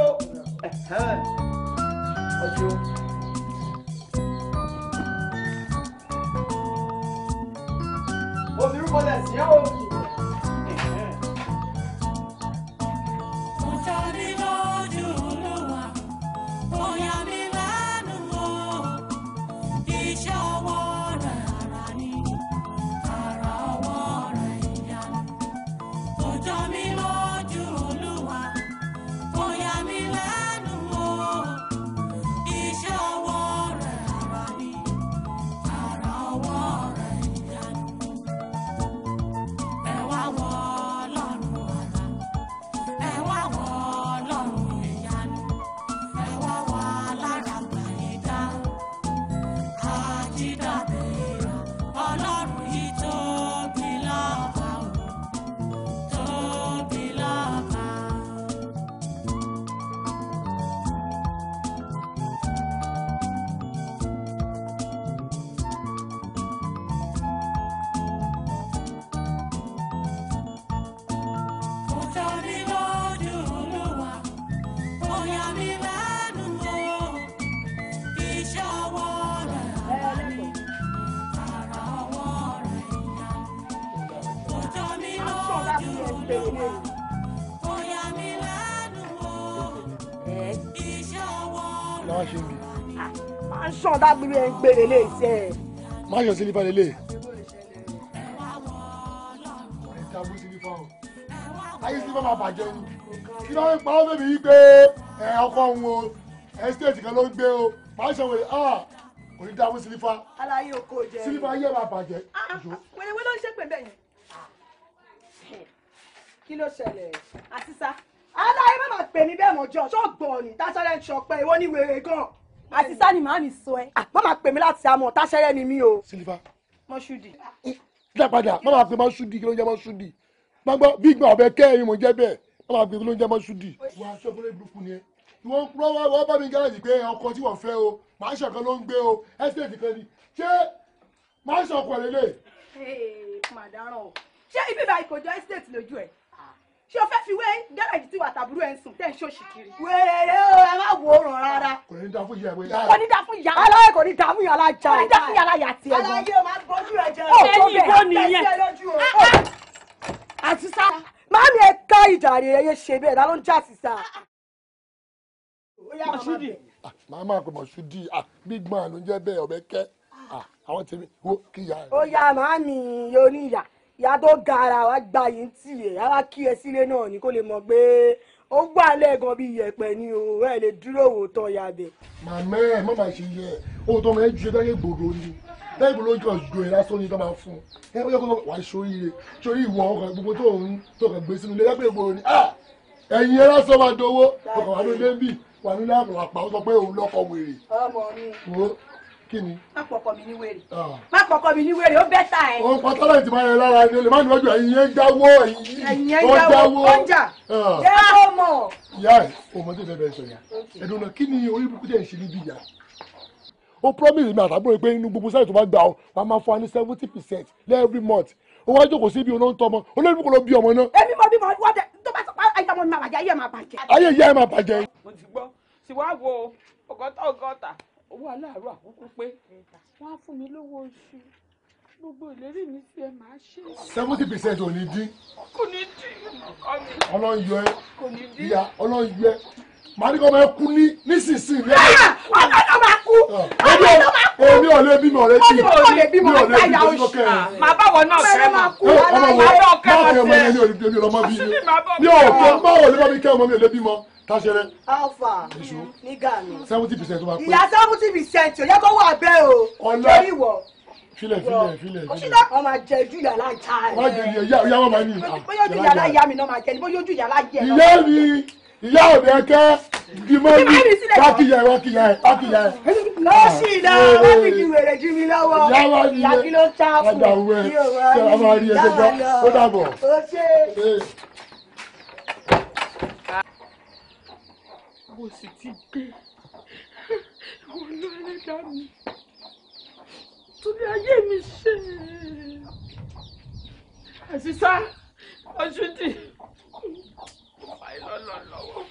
ọ̀ṣun. irú ẹ̀ ń gbére lè ṣe ẹ̀. má yọ sílífà lélẹ̀. ìtàbù sílífà ayé sílífà máa bàjẹ́ o kí ló ń pa ọ́ bèbí yí pé ẹ̀ ọkọ òun o estate kan ló ń gbé o máa ṣàwòrán ah kò ní dáhùn sílífà. aláyé oko jẹ sílífà ayé máa bàjẹ́. Ah, ah, wẹ́rẹ́wẹ́ ló ń ṣe pé bẹ́ẹ̀ kí ló ṣẹlẹ̀ àtisá aláyé má máa pè mí bẹ́ẹ̀ mọ́jọ́ ṣọ́ọ̀gbọ̀n ní dáṣọ́lẹ̀ ń ṣọpẹ́ ìwọ ní wèrè gan-an àti sani màá mi sọ ẹ ah, má máa pè mí láti amọ̀ táṣẹ́rẹ́ ni mí o. Silva mọ́ṣúdì. dá padà má máa pè mọ́ṣúdì kí ló ń jẹ́ mọ́ṣúdì gbọ́n bí gbọ́n ọ̀bẹ kẹ́rin mò ń jẹ́ bẹ́ẹ̀ má máa pè kí ló ń jẹ́ mọ́ṣúdì. wà á ṣe fúnlẹ̀ burúkú ni ẹ wọ́n wọ́n bá mi gáràjì pé ọkọ tí wọ́n fẹ́ o màá ṣọ̀kan ló ń gbé o ẹ́sítéètì kan ni ṣé màá ṣọ̀kan lélẹ̀. ṣé ibi báyìí kò jọ ẹ́sítéètì lójú ẹ̀ ṣé o fẹ́ fi wé gẹ́rẹ́jì tí wà tàbúrò ẹ̀ ń sùn tẹ́ ń ṣòṣì kiri. wẹ́rẹ́ o ẹ má wo òrùn rárá. kò ní da fún ìyá ìwé dára. kò ní da fún ìyá aláwẹ̀ kò ní da fún ìyá alájà. kò ní da fún ìyá alájà tiẹ̀ gan. aláyé o máa gbójú ẹ jẹ. ó tó bẹ́ẹ̀ tẹ́sí ẹ lójú o. Ah, ah. àti sá màámi ẹ ká ìjà rẹ ẹ yé ṣe bẹ́ẹ̀ lálọ́ ń já sí sá. Ah, màá máa pè mọ̀ṣúdì gbígbọ́n àlóúnjẹ bẹ́ẹ̀ ọ̀bẹ kẹ́ àwọn tèmi wo kíyà. ó yá màámi oníyà ìyá tó ga ara wa gba yìí ń tì ẹ̀ àwa kí ẹ sílé náà ni kó lè mọ̀ pé ó wà lẹ́ẹ̀kan bíi yẹ̀pẹ̀ ni o ẹ lè dúró wò tán ya bẹ̀. màmá ẹ má máa ṣe yẹ ohun tó máa ń ju ẹ bẹ́ẹ̀ gbòòrò ni bẹ́ẹ̀ gbòòrò jọ ju ẹ lásán ni tó máa fún ẹ ó kó wàá ṣoríire sórí ìwọ ọkàn gbogbo tó ń tó kàn gbé sínú ilé lẹ́gbẹ̀ẹ́ gbòòrò ni ah! ẹ̀yin ẹ máa dowó ọkàn wà ló dé wà nílẹ̀ àpàlàpà ó sọ pé òun lọ́kọ̀ wèrè. ọmọ mi. Kini, ni. má pọkọ mi ní wèrè. Ah. má pọkọ mi ní wèrè ó bẹ́ ta ẹ. òun pátá láì ti máa yẹ lára ẹni lè má níwájú ẹ̀yin yẹn jáwó ẹ̀yin yẹn jáwó ọjà jẹ́ kó ìyá ẹ ọmọdé bẹ́ẹ̀ sọ ya ẹ̀dùn náà kí ni orí burúkú tẹ̀ ń ṣe níbí ó promise mi àtàbúrò pé inú gbogbo sáyẹ̀ tó bá gbà ọ́ wà á máa fún wa ní seventy percent every month ó wá jókòó síbi ọ̀nà ń tọmọ olórí kò ló bí ọmọ náà. èmi mọ bí mo wọ́n tẹ tó bá sọ pé ayé ọmọ mi máa bàjẹ́ ayé ẹ̀ máa bàjẹ́. ayé ìyá ẹ̀ máa owó aláàárọ̀ àkókò pé wọ́n á fún mi lówó oṣù gbogbo ìlérí mi sí ẹ máa ṣe. seventy percent ò ní dín. kò ní dín ọmọ. ọlọ́run yọ ẹ. kò ní dín. ìyá ọlọ́run yọ ẹ. màá ní kọ́ ah! ah! máa kú ní nísinsìnyí. ọlọ́run máa kú. ọlọ́run máa kú. èmi ò lè bímọ rẹ bí. ọmọ ò lè bímọ rẹ bí ìyá oṣù. màá bá wọn náà fẹ́ máa kú. ọmọ wo máa kẹ́ eh, ọmọ ẹ̀ ní olùdíje ọmọ bí mi. mi ò fẹ́ báwo lè bá mi kẹ́ ọmọ mi ò lè bímọ tásẹrẹ. alpha nígà mi. seventy percent tó bá pé. ìyá seventy percent yóò yẹ kó wà bẹ́ẹ̀ o. ọlá filẹ filẹ filẹ filẹ. wọn máa jẹ ojú yàrá ìta rẹ. wọn jẹ ìyá ìyá wọn máa ní ìyá. Ah, bóyá ojú yàrá ìyá mi náà máa jẹ ni bóyá ojú yàrá jẹ. ìyá mi ìyá òde ẹkẹ dimoni wákìyà wákìyà wákìyà. lọ́sì náà wọ́n fi ju wèrè jù mí lọ́wọ́. ìyá wa ni ẹ ìyá kí ló ta fún mi. ọjà òwe ṣe a máa rí ẹgbẹ́ gbọ́ ó dàbọ̀. ó ṣe é. mo sì ti dé wọn ló ẹlẹ́dàá mi torí ayé mi ṣe àṣìṣá ọṣùdì àìlọ́lọ́ lọ́wọ́.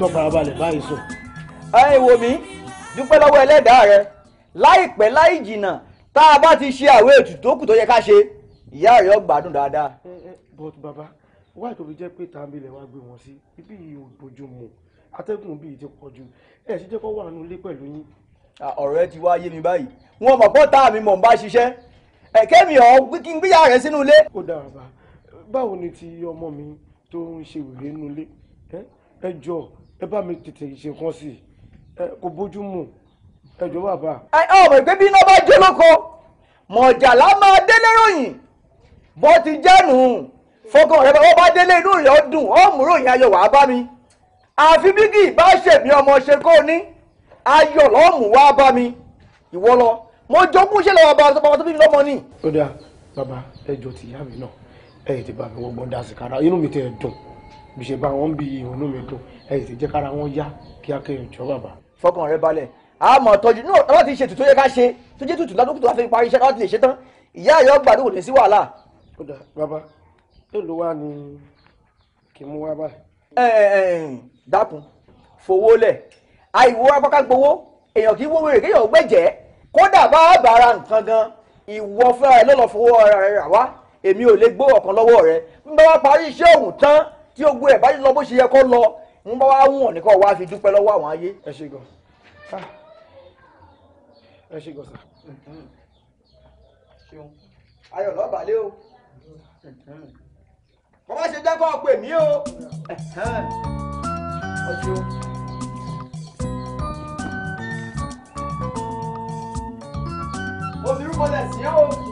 tó farabalẹ̀ báyìí sọ. ẹ wò mí dúpẹ́ lọ́wọ́ ẹlẹ́dàá rẹ láìpẹ́ láì jìnnà tá a bá ti ṣe àwé ètùtù tó yẹ ká ṣe ìyá rẹ ó gbádùn dáadáa. but baba wá ìtòbí jẹ́ pé tàbí ilẹ̀ wa gbé wọn sí ibi yìí bójú mu atẹ́gùn bíi ti pọ̀ ju ẹ̀ ṣe jẹ́ kó wà nínú ilé pẹ̀lú yín. ọ̀rọ̀ ẹ ti wá yé mi báyìí wọn mọ̀ pọ́ tá àmì mọ̀ ń bá ṣiṣẹ́ ẹ̀kẹ́mi ọ̀ kí n gbéyà rẹ̀ sínú ilé. ó dára bá báwo ni ti ọmọ mi tó ń ṣe wèrè nínú ilé ẹ jọ ẹ bá mi tètè ṣe nǹkan sí i ẹ kò bójú mu ẹ jọ bàbá. ọmọ ìgbé bí iná bá jó lóko mọ̀jàlá máa délé ròyìn bó ti jẹ́nu fọkàn rẹ bọ́ bá délé inú rẹ̀ ó dùn ó mú ròyìn ayọ̀ wá bá mi àfi bígì bá ṣèmí ọmọ ṣe kó o ní ayọ̀ lọ́ọ́ wá bá mi ìwọ lọ mo jogún ṣe lọ́wọ́ bá ọba tó bí mi ni. ó dáa bàbá ẹjọ́ tìyá mi náà ẹ̀yìn ti bá mi wọ́gbọ́n dá sí kára inú mi ti ẹ̀ dùn bí ṣe bá wọn bí ìhùnú mi dùn ẹyìn tí jẹ́ kára wọn yá kíákíá ìjọ bàbá. fọkàn rẹ balẹ̀ a mọ̀ tọ́jú náà wọ́n ti ṣe tuntun yẹ ká ṣe tó jẹ́ tuntun ládùúgbò tó wá fi parí iṣẹ́ láti lè ṣe tán ìyá ayọ̀ gbàdúrà kò ní sí wàhálà. kódà bàbá èlò wa ni kì í mú wá báyìí. ẹ ẹ dákun fowó lẹ̀ àìwò apáká gbowó èèyàn kì í wọ́wọ́ èrè kéèyàn gbẹ̀jẹ̀ kódà bá a bàrà nǹkan gan ìwọ fúnra rẹ lọ́lọ́ fowó ara rẹ rà wá èmi ò lè gbó ọ̀kan lọ́wọ́ rẹ ń bá wa parí iṣẹ́ òun tán tí ogun ẹ̀ bá lọ bó ṣe yẹ kó lọ ń bá wá wọ̀n ní wá fi dúpẹ́ lọ́wọ́ àwọn ayé. ẹ ṣe gan ah. ẹ ṣe gan sà. ayọ̀ lọ́bàlẹ́ o kò má ṣe jẹ́ kó o pè mí o. ọjọ́. Ô, viu, Bonezinho?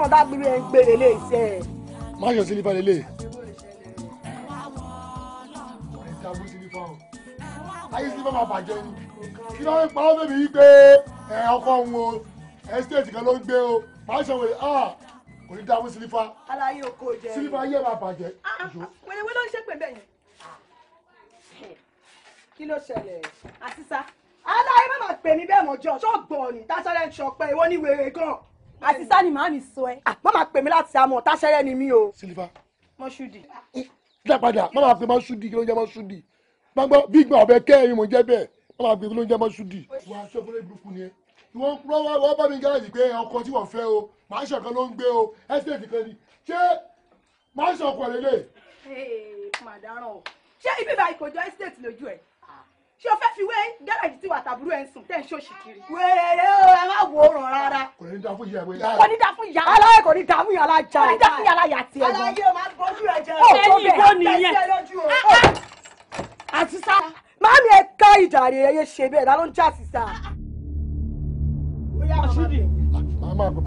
sàn dágbére ẹ̀ ń gbére lè ṣe ẹ̀. má yọ sílífà lélẹ̀. ayé sílífà máa bàjẹ́ ni kí ló ń pa ọ́ bèbí yìí pé ọkọ òun o ẹ́sítéètì kan ló ń gbé o máa ṣe wèrè ah, kò ní dáhùn sílífà. aláyé oko jẹ sílífà yẹ máa bàjẹ́. Ah, ah, wẹ́lẹ́wẹ́ ló ń ṣe pé bẹ́ẹ̀ yẹn kí ló ṣẹlẹ̀ àṣìṣà aláyé má máa pè mí bẹ́ẹ̀ mọ́jọ́ ṣọ́ọ̀gbọ̀n ní tásọ́lẹ̀ ń ṣọpẹ́ ìwọ ní wèrè gan-an àti sani màá mi sọ ẹ ah, má máa pè mí láti àmọ táṣẹrẹ ni mí o. Silva mọṣúdì. dá padà má máa pè mọṣúdì kí ló ń jẹ mọṣúdì gbàgbọ́ bí ìgbà ọ̀bẹ kẹ́rin mò ń jẹ́ bẹ́ẹ̀ má máa pè kí ló ń jẹ mọṣúdì. wà á ṣe fúnlẹ̀ burúkú ni ẹ wọ́n wọ́n bá mi gáàjì pé ọkọ tí wọ́n fẹ́ o màá ṣọ̀kan ló ń gbé o ẹ́sítẹ́ẹ̀tì kan ni ṣé màá ṣọ̀kan lélẹ̀. ṣé ibi ìbá ìkòjọ ẹ́sítẹ́ẹ̀tì lójú ẹ̀ ṣé o fẹ́ fi wé gáràjì tí wà tàbúrò ẹ̀ ń sùn tẹ̀ ń ṣòṣì kiri. wèrè o ẹ má wò ó ràn rárá. kò ní dá fún ìyá ìwé yára. kò ní dá fún ìyá aláwẹ̀ kò ní dá fún ìyá alájà. kò ní dá fún ìyá alájà tiẹ̀ gan. aláyé o máa bọ́jú rẹ̀ jẹ́. ó tó bẹ̀ tẹ́sí lójú o. àti sá màámi ẹ ká ìjà rẹ̀ ẹ yé ṣe bẹ́ẹ̀ dá ń já sí sá. màmá àgbẹ̀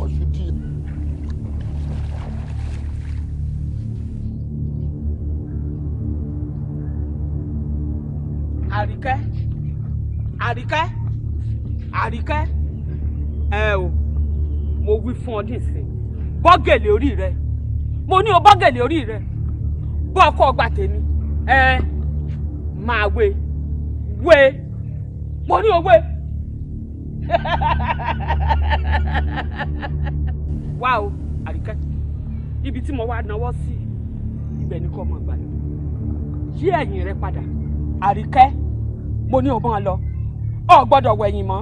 àríkẹ́ àríkẹ́ àríkẹ́ ẹ o mo wí fún ọ nísìn bọ́gẹ̀lì orí rẹ mo ní o bọ́gẹ̀lì orí rẹ bọ́ ọkọ ọgbà tèmi ẹ máa wé wé mo ní o wé wá o àríkẹ́ ibi tí mo wá náwó sí ibẹ̀ ni kò mọ̀ gbà yí ẹ̀yìn rẹ padà àríkẹ́ mo ní o máa lọ ọ gbọ́dọ̀ wẹ̀yìn mọ́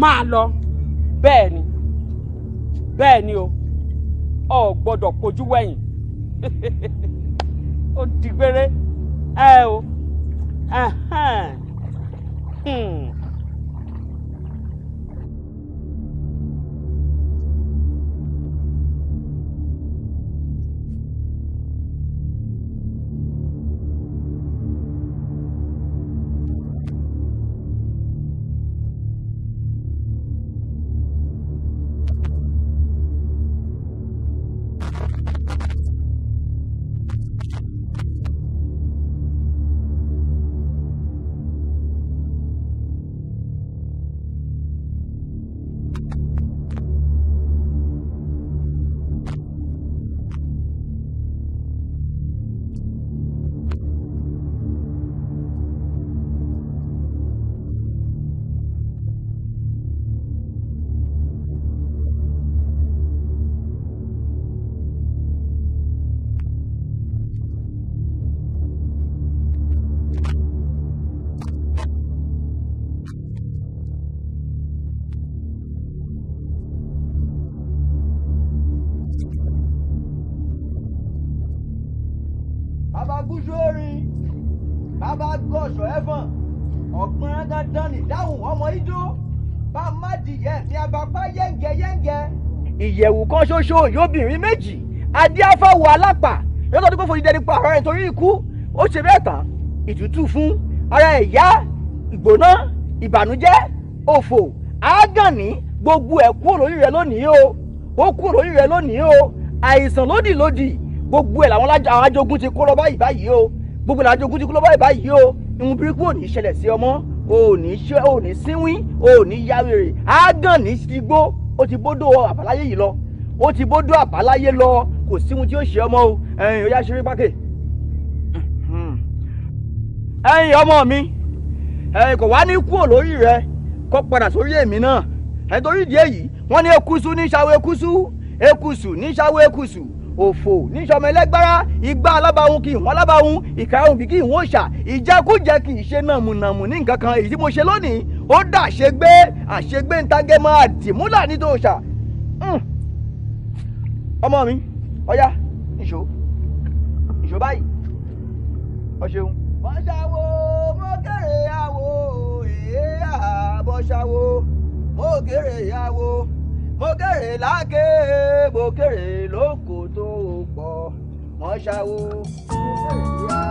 máa lọ bẹ́ẹ̀ ni bẹ́ẹ̀ ni o ọ gbọ́dọ̀ kojú wẹ̀yìn ó digbére ẹ o. Uh-huh. hmm. ọ̀kan ṣoṣo ìyóbìnrin méjì adíáfáwò alápà lọ́tọ̀ tó kó fojú dẹni pa ara rẹ̀ torí ikú ó ṣe bẹ́ẹ̀ tán ìtútù fún ara ẹ̀ yá ìgbóná ìbànújẹ́ òfò àágànní gbogbo ẹ̀ kúrò lórí rẹ̀ lónìí o ó kúrò lórí rẹ̀ lónìí o àìsàn lódìlódì gbogbo ẹ̀ làwọn ajogun ti kó lọ báyìí báyìí o gbogbo ẹ̀ làwọn ajogun ti kó lọ báyìí báyìí o ìhun burúkú ò ní ṣẹlẹ̀ ṣe ò ní sínwín yáwèrè àágànní ti gbó o ti bódò àbáláyé yìí lọ ó ti bójú àbáláyé lọ kò sí ohun tí ó ṣe ọmọ o ẹ̀yin ó yá ṣeré pákè. Hmm. ẹ̀yin ọmọ mi ẹ̀yin kò wá ní kúrò lórí rẹ kó padà sórí èmi náà ẹ̀yin torí ìdí èyí wọ́n ní ekusu ní ṣàwọ̀ ekusu ekusu ní ṣàwọ̀ ekusu òfò níṣọmọ ẹlẹgbára igbá alábàáhùn kì í wọn alábàáhùn ìkarahùn kì í wọn ṣà ìjẹkújẹ kì í ṣe nàmùnàmù ní nǹkan kan èyí tí mo ṣe lónìí ó dà ṣe gbé àṣegbé ntagẹmọ àdìmúlà nítorí ṣà hmm ọmọ mi ọyá ìṣó ìṣó báyìí ọ ṣeun. bọ́ṣáwo mo kéré yàwó èé àbọ̀ṣáwo mo kéré yàwó mo kéré láké mo kéré lóko tó pọ̀ mọ́ṣáwo mo kéré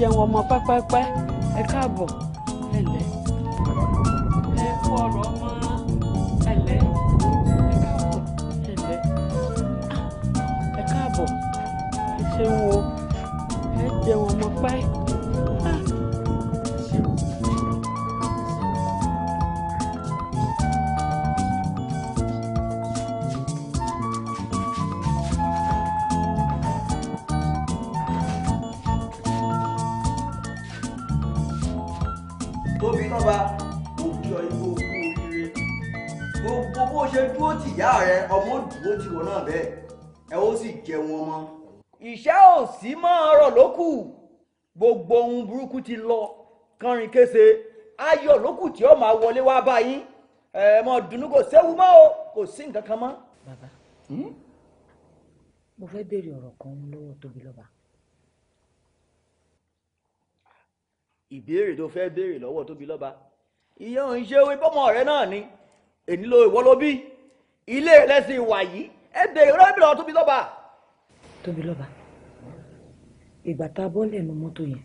jẹun ọmọ pẹ́pẹ́pẹ́ ẹ káàbọ̀. ló ti wọ̀ náà bẹ́ẹ̀ ẹ ó sì jẹ wọn mọ́. ìṣẹ́ ò sí mọ́ ọ̀rọ̀ ló kù gbogbo ohun burúkú ti lọ kánrin kése ayọ̀ ló kù tí ó máa wọlé wá báyìí ẹ mọ dùnú kò séwu mọ́ o kò sí nǹkan kan mọ́. bàbá hmm? mo fẹ́ béèrè ọ̀rọ̀ kan lọ́wọ́ tóbi lọ́ba. ìbéèrè tó fẹ́ béèrè lọ́wọ́ tóbi lọ́ba ìyẹn òun ṣe wí bọ́mọ rẹ náà ni èyí ló ilé rẹ̀ sì wà yìí ẹ bèrè lọ́bìnrin ọ̀hún tóbi lọ́ba. tóbi lọ́ba ìgbà tá a bọ́ lẹ́nu mọ́tò yẹn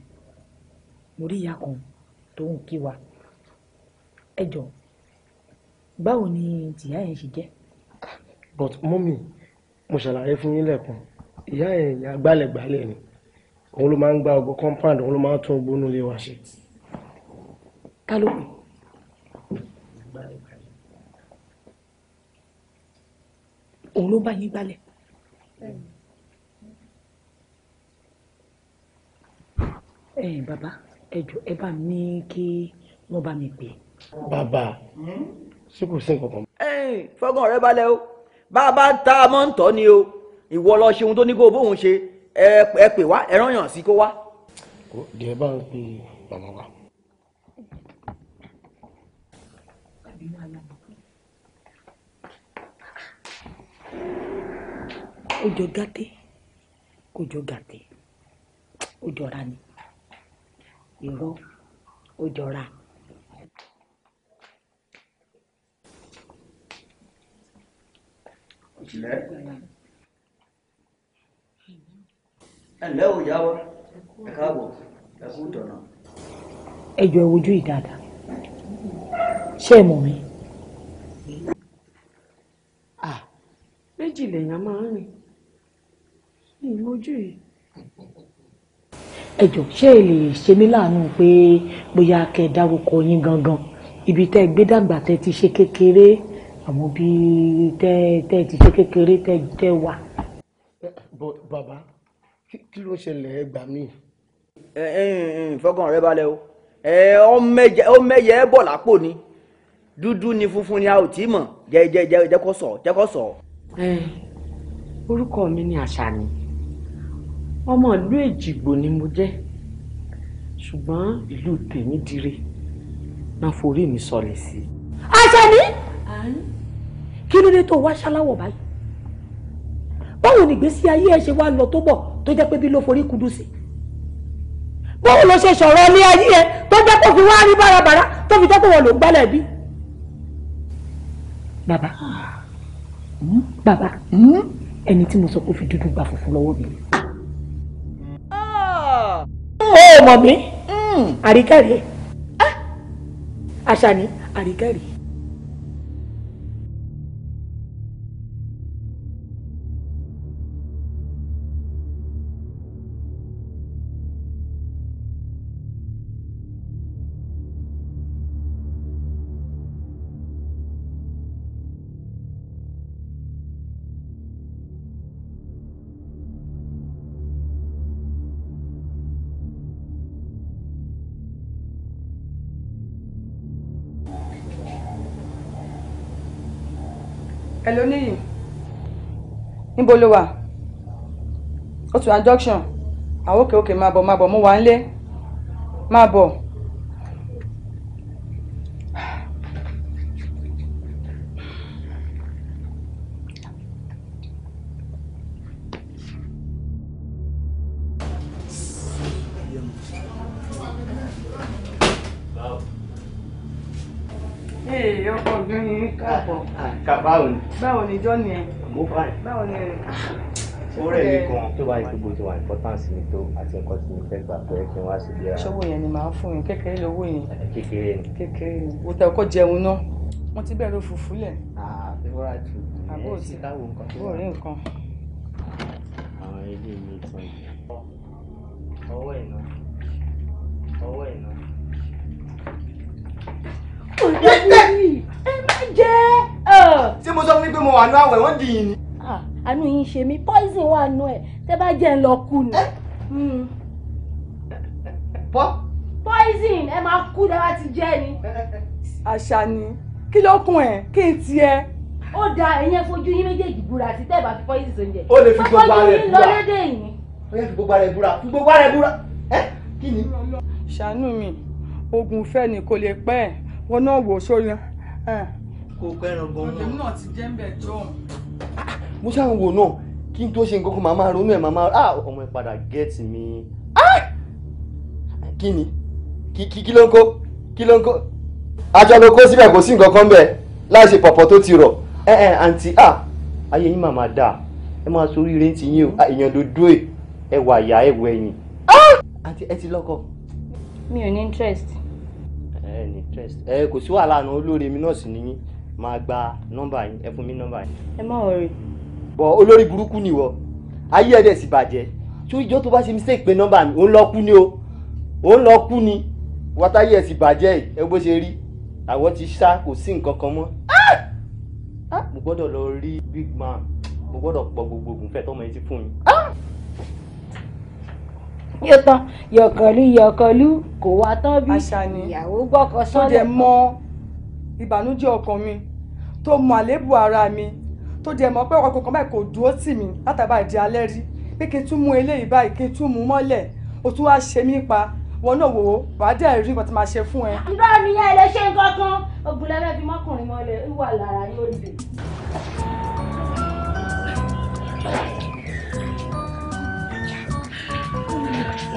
mo rí ìyá kan tó ń kí wa ẹ jọ báwo ni tìyá yẹn ṣe jẹ́. but mọ́mì mo ṣàlàyé fún yín lẹ́ẹ̀kan ìyá yẹn ìyá gbálẹ̀gbálẹ̀ ni òun ló máa ń gba ògo compound òun ló máa ń tún ogbónú lé wa ṣe. ká ló pè òun ló bá yín gbálẹ̀. ẹ̀yin bàbá ẹ jọ̀ọ́ ẹ bá mi kí wọ́n bá mi pè. bàbá sí kò sí nǹkan kan. ẹ̀yin fọgàn rẹ balẹ̀ o bàbá tá a mọ̀ ń tọ́ ni o ìwọ lọ ṣe ohun tó ní kó o bóun ṣe ẹ pè wá ẹ rán yàn sí kó wá. kò díẹ̀ bá ń pè bàbá wa. ó jọ gàtẹ́ kò jọ gàtẹ́ ó jọra ni irọ́ ó jọra. ìjìnlẹ̀ o yá wa ẹ káàbọ̀ ẹ kú dọ̀nà. ẹ jọ ẹ wojú ìdáàdá ṣé mi. Ah, méjì lèèyàn máa ń rìn ìmójú yìí. ẹ jọ ṣé ẹ lè ṣe mí láàánú pé bóyá kẹ ẹ dárúkọ yín gangan ibi tẹ ẹ gbé dàgbà tẹ ti ṣe kékeré àmọ́ bí tẹ tẹ ti ṣe kékeré tẹ tẹ wà. bàbá kí ló ṣẹlẹ̀ ẹ gbà mí. ìfọkàn rẹ balẹ̀ o ọ mẹ́yẹ bọ̀ lápò ni dúdú ni funfun ni a ò tí mọ̀ jẹ́ jẹ́ jẹ́ kó sọ jẹ́ kó sọ. orúkọ mi ni àṣà ni ọmọ ìlú èjìgbò ni mo jẹ́ ṣùgbọ́n ìlú tèmi dire náà forí mi sọlẹ̀ sí. àjàní kí ló dé tó wá ṣaláwọ̀ báyìí báwo ni ìgbésí ayé ẹ ṣe wá lọ tó bọ̀ tó jẹ́ pé bí ló forí kudu sí báwo ló ṣe sọ̀rọ̀ ilé ayé ẹ tó jẹ́ kó fi wá rí bárabàrá tó fi jẹ́ kó wọ́n ló ń gbálẹ̀ bí. bàbá ah. hmm? bàbá hmm? ẹni tí mo sọ kó fi dúdú gba fùfú lọ́wọ́ mi mọ̀ mí hmm. àríkàrí ah. àṣà ni àríkàrí. ẹ̀ lónìí níbo ló wà ó tún junction àwọn òkè òkè máa bọ̀ máa bọ̀ mo wà ń lé ee ọkọ obìnrin káàbọ̀. Ah, ah, báwo ni. báwo ni ìjọ ni ẹ. mo bá rẹ. báwo ni ẹ. ó rẹ̀ mí gan. tó bá yẹ kó gbogbo àwọn importance mi tó àti nǹkan tí mo fẹ́ gbà pé kí n wá sí bí i. ṣọ́wọ́ yẹn ni màá fún yín kékeré lówó yẹn. Eh, kékeré ni. kékeré ni o tẹ ọkọ jẹun náà wọn ti bẹ̀rẹ̀ òfurufú lẹ̀. àbúrò àti àbúrò ti káwọ nǹkan tó wà. àbúrò ìná ọwọ́ ìná tẹ́tẹ́. ẹ má jẹ́. ṣé mo sọ fún mi pé mo wà nú àwẹ̀ wọ́n dì í ni. àánú yín ṣe mí poison wà nú ẹ̀ tẹ́ bá jẹ́ ń lọ kú ni. pọ́. poison ẹ máa kú dára ti jẹ́ ni. àṣà ni kí ló kún ẹ kí n tiẹ̀ ó da ẹ̀yin fojú yín méjèèjì búra àti tẹ́ẹ̀ bá fi pọ́ìsì sóúnjẹ. ó lè fi gbogbo ara rẹ búra ó lè fi gbogbo ara rẹ búra fi gbogbo ara rẹ búra ẹ kí ni. ṣàánú mi oògùn ìfẹ́ ni kò lè pẹ́ ẹ̀ wọn náà wò sórí náà. kò kẹran gan mọ. ọ̀dẹ̀mí náà ti jẹ́ ń bẹ̀ jọ. mo ṣáà ń wò náà kí n tó ṣe nǹkan kan màá máa ronú ẹ̀ màá máa ah ọmọ ẹ padà gẹ́ẹ̀tì mi. kí ni kí ló ń kó kí ló ń kó. àjọ ló kó síbẹ̀ kò sí nǹkan kan bẹ́ẹ̀ láì ṣe pọ̀pọ̀ tó ti rọ̀ ẹ ẹ àǹtí ah ayé yín màmá dáa ẹ máa sọ oríire ti yín o ah, èèyàn dodo ẹ wà yá ẹ wọ ah! àǹtí ẹ ti lọ́kọ. mi ò ní interest ẹ eh, ní interest ẹ eh, kò sí wàhálà náà olóore mi náà sì ní yín máa gba nọ́mbà yín ẹ fún mi nọ́mbà yín. ẹ má worry. bọ olórí burúkú ni wọ ayé ẹ dẹ̀ sì bàjẹ́ tó ìjọ tó bá ṣe mistake pé nọ́mbà mi òun lọ kú ni o òun lọ kú ni wọ́táyé ẹ sì bàjẹ́ ẹ bó ṣe rí àwọn ti sá kò sí nǹkan kan mọ́ ah! Ah! mo gbọ́dọ̀ lọ rí big man mo gbọ́dọ̀ pọ̀ gbogbo ògùnfẹ́ tọ́mọ yẹn ti fún yín. Ah! yóò tán yọkànlú yọkànlú kò wá tán bí ìyàwó gbọ́kọ sọ́dọ̀. tó dẹ̀ mọ ìbànújẹ́ ọkàn mi tó mọ àléébù ara mi tó dẹ̀ mọ pé ọkọ̀ kan báyìí kò dúró tì mí látàbà di alẹ́ rí pé kí n tún mú eléyìí báyìí kí n tún mú mọ́lẹ̀ o tún wá ṣe mí pa wọn náà wò ó wàá dẹ̀ rí nǹkan tí máa ṣe fún ẹ. ǹbá mi yá ilé ṣe nǹkan kan ogun lẹ́fẹ̀ẹ́ mọ́kùnrin mọ́lẹ̀ wà lára yóò dé.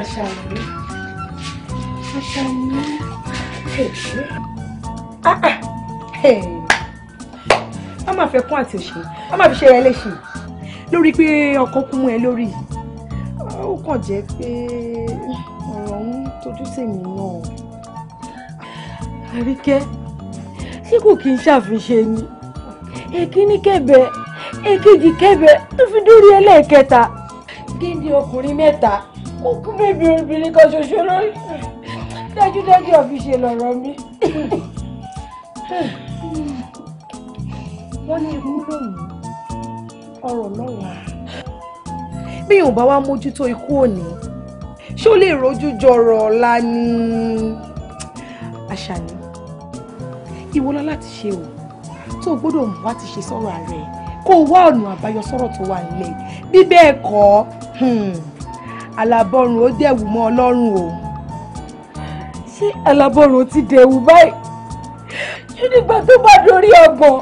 Àṣàmú. Àṣàmú. Má máa fẹ́ kún àti òṣè. Má máa fi ṣe rẹ léṣe. Lórí pé ọkọ kún mọ́ ẹ lórí. Ó kàn jẹ́ pé ọ̀rọ̀ ń tojú sèmi náà. Si ṣé kò kí n ṣàfiṣe ni? kebe. E èkejì kebe. tó fi dórí ẹlẹ́ẹ̀kẹta. Kí ni meta mo kú bèbí obìnrin kan ṣoṣo lórí dájúdájú àfiṣe lọ̀rọ̀ mi. wọ́n ní ikú lòun ọ̀rọ̀ lọ́wọ́. bí yóò bá wá mójútó ikú òní ṣó lè rojú jọrọ ọ̀la ni àṣàní ìwọlá láti ṣe o tó gbọ́dọ̀ mú wá ti ṣe sọ̀rọ̀ ààrẹ kó wá ọ̀nà àbáyọ sọ̀rọ̀ tó wà nílẹ̀ bí bẹ́ẹ̀ kọ́ hmm alábọ́run ó dẹ̀wù mọ́ ọlọ́run o. ṣé alábọ́run ti dẹ̀wù báyìí ṣé nígbà tó bá dorí ọgbọ̀n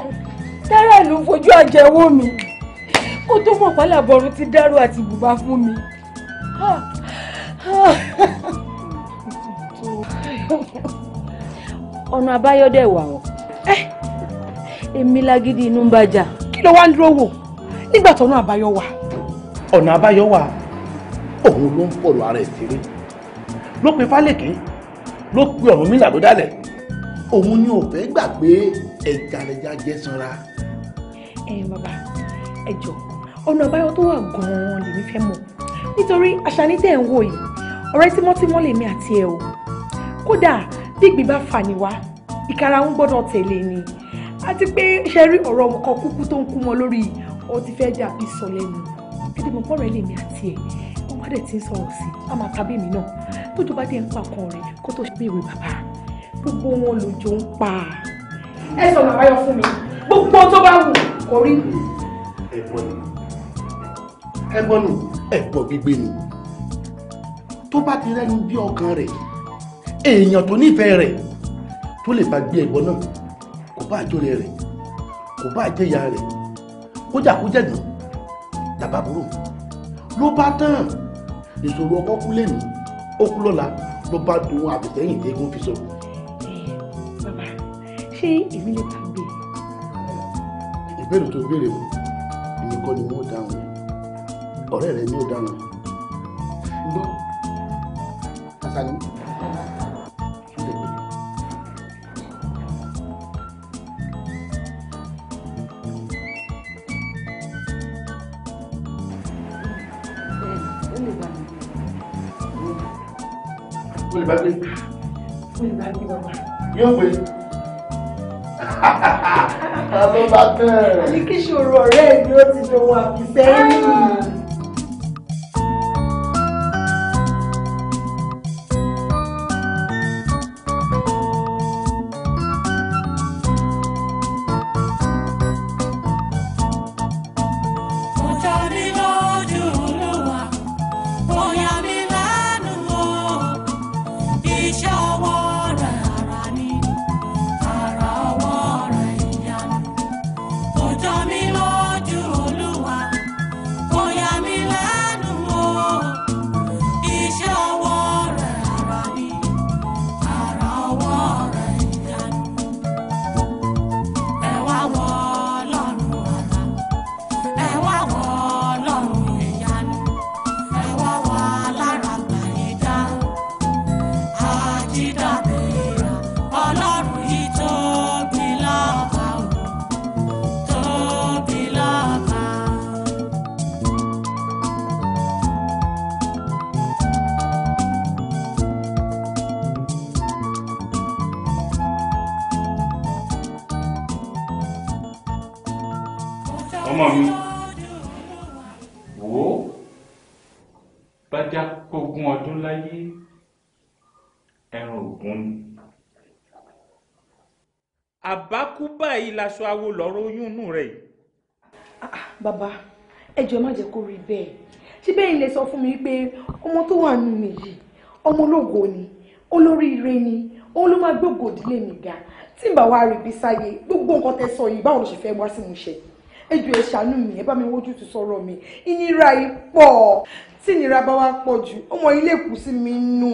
tára ìlú fojú àjẹwò mi kó tó mọ̀ pálábọ́run ti dárò àti bùbá fún mi. ọ̀nà àbáyọ dẹ̀ wà o eh! èmi lágídí inú ń bàjá. kí ló wá ń dúró wò nígbà tó àbáyọ wà. ọ̀nà àbáyọ wà òun ló ń fọ̀rọ̀ ara ẹ̀ ṣeré ló pe fálẹ̀kì ló pe Ọ̀rúnmìlà ló dálẹ̀ òun ni ò fẹ́ gbà pé ẹja lẹja jẹ́ sanra. ẹ bàbá ẹ jọ ọ̀nà àbáyọ tó wà gan-an lèmi fẹ́ mọ̀ nítorí Àṣàní ń wò yìí ọ̀rẹ́ tímọ́tímọ́ lèmi àti ẹ o kódà bí ìgbín bá fà ní wá ìkara ń gbọ́dọ̀ tẹ̀lé ni àti pé ṣe rí ọ̀rọ̀ ọkọ̀ kúkú tó ń kú mọ́ lórí ó ti fẹ́ dàbí sọ lẹ́nu kí ni mo kọ́ lèmi àti ẹ̀ bá dẹ̀ ti ń sọ̀rọ̀ sí i á máa ka bímí náà tó tó bá dẹ̀ ń pa ọkọ rẹ̀ kó tó ṣe bí ìwé bàbá gbogbo wọn lòjò ń pa. ẹ sọ̀rọ̀ àbáyọ fún mi gbogbo tó bá wù kò rí. ẹ̀gbọ́n nù ẹ̀gbọ́n nù ẹ̀gbọ́n gbígbé nù tó bá ti rẹ́ni bí ọkàn rẹ̀ èèyàn tó nífẹ̀ẹ́ rẹ̀ tó lè bá gbé ẹ̀gbọ́n náà kò bá àjọyọ̀ rẹ̀ kò bá àjẹyà rẹ̀ kójà kó jẹ̀gbọ́n tàbábúrò ló bá tán ìṣòro ọkọ kú lẹ́nu ó kú lọ́la ló bá dùn àbẹ̀tẹ́yìn tẹ́gùn fi sọ̀rọ̀. bàbá ṣé èmi lè bá gbé. ìbéèrè tó béèrè o èmi kọ́ ni wọ́n dáhùn ọ̀rẹ́ rẹ ni ó dáhùn gbọ́ àṣà ìbágbé fún ìbágbé bàbá yóò gbé ló bá bẹ̀rẹ̀. àní kí ṣòro ọ̀rẹ́ mi ó ti jọ wà sẹ́yìn. Ah! aṣọ awo lọ́rọ́ oyún inú rẹ̀ yìí. Ah, ah, bàbá ẹ jọ̀ọ́ má jẹ́ kó rí bẹ́ẹ̀ ṣé bẹ́ẹ̀ ni lè sọ fún mi pé ọmọ tó wà nù mí yìí ọmọ ológo ni olóríire ni òun ló máa gbógo ìdílé mi ga tí n bá wá rí ibi sáyé gbogbo nǹkan tẹ́ sọ yìí báwo ló ṣe fẹ́ wá sí mi ṣe ẹjọ ẹ ṣàánú mi ẹ bá mi wójú tu sọ̀rọ̀ mi ìnira yìí pọ̀ tí ìnira bá wá pọ̀ jù ọmọ ilé kù sí mi nù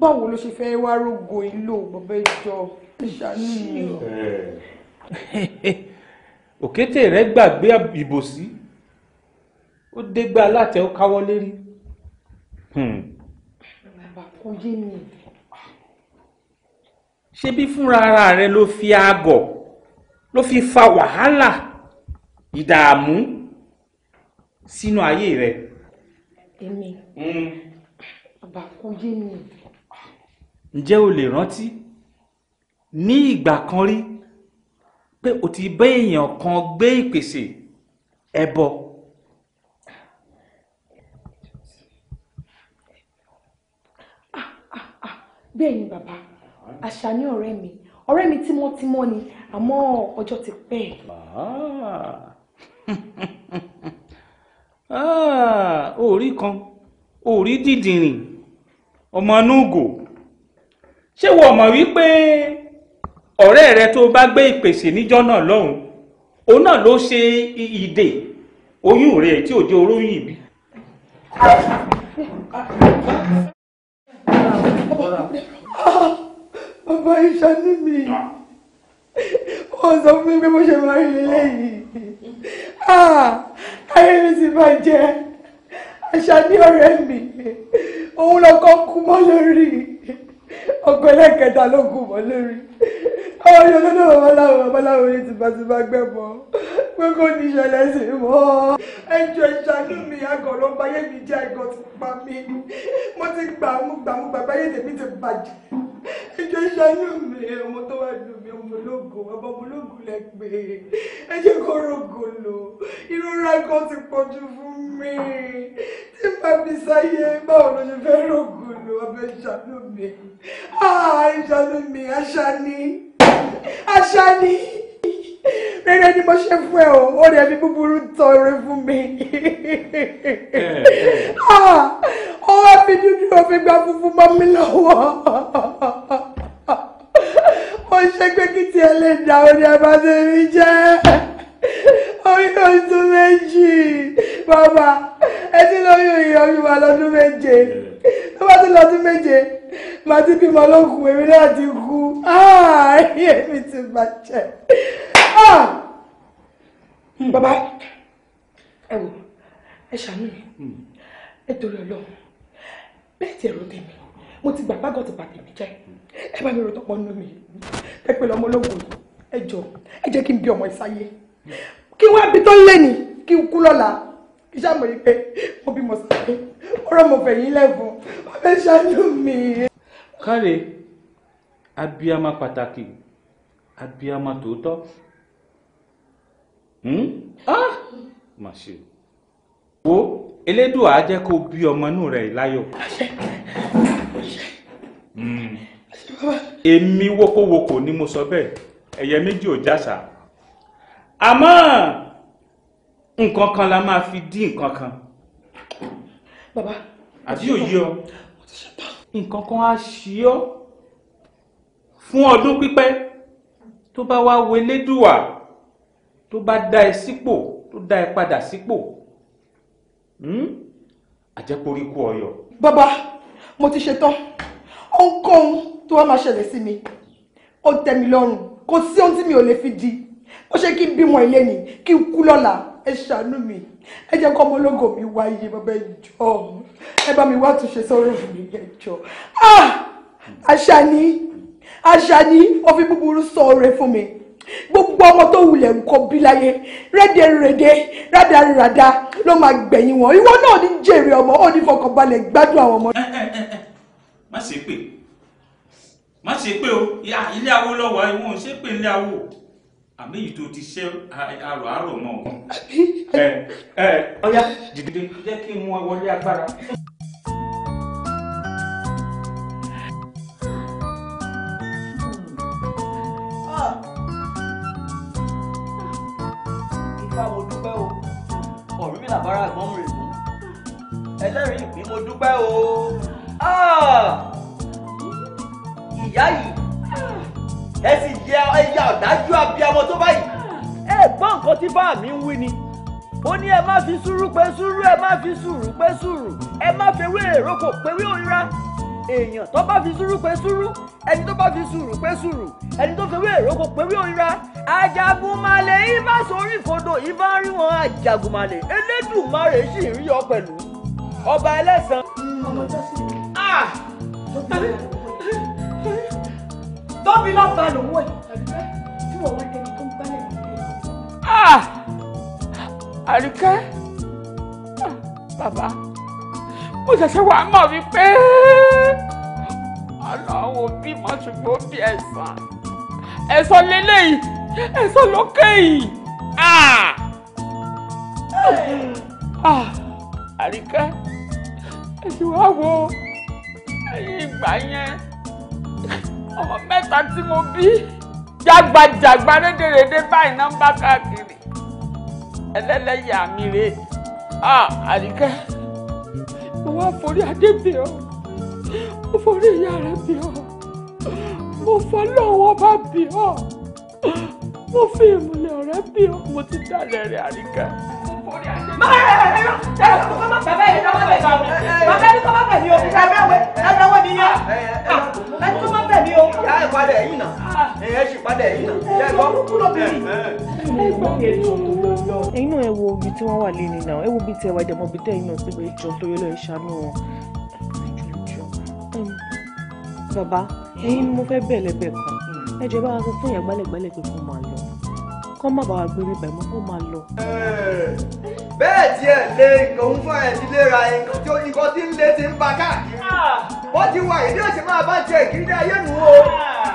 báwo ló ṣe fẹ́ wá rògo ìlò bàbá ìjọ ẹ ṣàánú mi. òkété rẹ gbàgbé ìbòsí ó dégbà látẹ ó káwọ́ lérí. Hmm. kò yé mi. ṣebí fúnra ara rẹ ló fi àgọ̀ ló fi fa wàhálà ìdààmú sínú ayé rẹ. èmi hmm. bàbá kò yé mi. ǹjẹ́ o lè rántí ní ìgbà kan rí pé o ti bá èèyàn kan gbé ìpèsè ẹbọ. Ah, ah, ah. bẹ́ẹ̀ ni bàbá àṣà ní ọ̀rẹ́ mi ọ̀rẹ́ mi tímọ́tímọ́ ni àmọ́ ọjọ́ ti pẹ́. orí kan orí dídìrín ọmọ anúgò ṣé wọ́n mọ̀ wípé ọ̀rẹ́ rẹ tó bá gbé ìpèsè níjọ́ náà lọ́hùn òun náà ló ṣe ìdè oyún rẹ tí ò jẹ́ oróyìn ìbí. bàbá ìṣàánú mi wọ́n sọ fún mi pé mo ṣe máa rí lélẹ́yìí ah, ayé mi ti bàjẹ́ àṣàní ọ̀rẹ́ mi òun lọ́kọ́ kú mọ́ lórí ọgbẹ́lẹ́kẹta ló kú mọ́ lórí àwọn yóò lọ́dọ̀ wọn láwọn babaláwo ní tìbátìbá gbẹ̀bọ̀ pé kò ní ìṣẹ̀lẹ̀ sí mọ́. ẹjọ́ ìṣàánú mi àgọ́ ló báyé mi jẹ́ àgọ́ ti pa mí mo ti gbà mú gbà mú gbà báyé tèmi ti bàjẹ́ ẹjọ́ ìṣàánú mi ọmọ tó wà lù mí ọmọ ológun ọmọ ológun lẹ́gbẹ̀ẹ́ ẹjẹ́ kó rògùn lò ìrora kan ti pọ̀ jù fún mi tí bàbí sáyé báwo ló ṣe fẹ́ rògùn lò ọmọ ìṣàánú mi àà ah, ìṣàánú mi àṣà ni aṣa ni rere ni mo ṣe fún ẹ o ó rẹ mi búburú tọrẹ fún mi eh, eh. Ah, ó wá fi dúdú òfin gba funfun mọ́ mi lọ́wọ́ ó ṣe pé kí tiẹ̀ lè dà ó ní ẹ bá ṣe oyún ọdún méjì bàbá ẹ ti lóyún ìyá mi wà lọ́dún méje tó bá ti lọ́dún méje màá ti bímọ lókun èmi náà ti kú ah, ayé mi ti bàjẹ́. Ah! bàbá ẹ wò ẹ ṣàánú mi nítorí hmm. ọlọ́run bẹ́ẹ̀ ti ẹ̀rọ tèmi mo ti gbà bágọ̀ ti bàtẹ̀ mi jẹ́ ẹ bá mi rò tọpọ nínú mi ẹ pẹ̀lú ọmọ ológun ẹ jọ ẹ jẹ́ kí n bí ọmọ ìsáyé kí wọ́n abi tó lé ní kí n kú lọ́la kí sàmọ̀ yìí pé mo bí mo sàpé ọ̀rọ̀ mo fẹ̀yìn lẹ́fọ̀n mo fẹ́ ṣàánú mi. káre abiyama pàtàkì abiyama tòótọ́ hmm? ah! má ṣe wo elédùà á jẹ́ kó bí ọmọ inú rẹ̀ láyọ̀ hmm. èmi wokowoko ni mo sọ bẹ́ẹ̀ ẹ̀yẹ méjì ò jásà àmọ́ nǹkan kan la máa fi dín nǹkan kan. bàbá àti yóò yí ọ nǹkan kan á ṣí ọ fún ọdún pípẹ́ tó bá wá wo elédùà tó bá dá ẹ sípò tó dá ẹ padà sípò àjẹpọ̀rí hmm? kú ọyọ. bàbá mo ti ṣetán ohunkóhun tó wá máa ṣẹlẹ̀ sí mi ó tẹ́ mi lọ́rùn kò sí ohun tí mi ò lè fi di ó ṣe kí n bímọ ilé ni kí n kú lọ́la ẹ ṣàánú mi ẹ jẹ́ kọ́ ọmọ ológo mi wáyé bàbá ẹ jọ ẹ bá mi wá túnṣe sọ́rọ̀ mi ẹ jọ ah! Àṣàní Àṣàní ó fi búburú sọ ọrẹ fún mi gbogbo ọmọ tó wulẹ̀ nǹkan bí láyé rédèrèdè rádaràdà ló máa gbẹ̀yìn wọn ìwọ náà ní jèrè ọmọ ó ní fọkànbalẹ̀ gbádùn àwọn ọmọ. má ṣe pé má ṣe pé o ilé awo lọ wà ìwọ̀n ṣe pé ilé awo àmì èyí tó ti ṣe àrò àrò mọ́ ọ. ẹ ẹ ọyá jìdìdì jẹ́ kí n mú ọ wọlé agbára. tí bá mi ń wí ni ó ní ẹ má fi sùúrù pé sùúrù ẹ má fi sùúrù pé sùúrù ẹ má fi ewé èròkò pé wí òrira èèyàn tó bá fi sùúrù pé sùúrù ẹni tó bá fi sùúrù pé sùúrù ẹni tó fi ewé èròkò pé wí òrira àjàgùnmalè ibà sórí kodò ibà rí wọn àjàgùnmalè elédùnmarè sì rí ọ pẹ̀lú ọba ẹlẹ́sàn. Ah! tóbi lọ́ọ́ balùwẹ̀. Ah! àríkẹ́ bàbá mo ṣẹ̀ṣẹ̀ wá mọ̀ wípé ọlọ́run bímọ ṣùgbọ́n bí ẹ̀sán ẹ̀sán lélẹ́yìí ẹ̀sán lókè yìí ah! Ah! àríkẹ́ ẹ̀sìn wá wo ẹ̀yìn ìgbà yẹn ọmọ mẹ́ta tí mo bí jágbajàgba rédèrèdè báyìí náà ń bá káàkiri ẹlẹ́lẹ́yà mi rè é àríkẹ́ mo wá forí adé bì ọ́ mo forí ìyá rẹ bì ọ́ mo fọlọ́wọ́ bá bì ọ́ mo fi ìmùlẹ̀ ọ̀rẹ́ bì ọ́ mo ti dalẹ̀ rẹ̀ àríkẹ́ ẹ̀yin náà ẹ wo ibi tí wọ́n wà lẹ́ni náà ẹ wo ibi tí ẹ wà ìdẹ̀mọ́ ibi tẹ́yìn náà pípé ìjọ tó yẹ lọ́ọ́ ìṣàánú wọn. bàbá ẹ̀yin ni mo fẹ́ bẹ̀ẹ̀ lẹ́bẹ̀ẹ́ kan ẹ jẹ́ bá a sọ fún ìyàgbálẹ̀gbálẹ̀ pé kó máa lọ kọ́ má bàa gbé mi bẹ̀mọ́ kó máa lọ. bẹ́ẹ̀ tiẹ̀ lé nǹkan ń fún ẹ̀mí léra nǹkan tí nǹkan tí ń lé ti ń ba káàkiri wọ́n ah! ti wà ìdí òsì máa bá jẹ ìkírí dá yé nu o ah!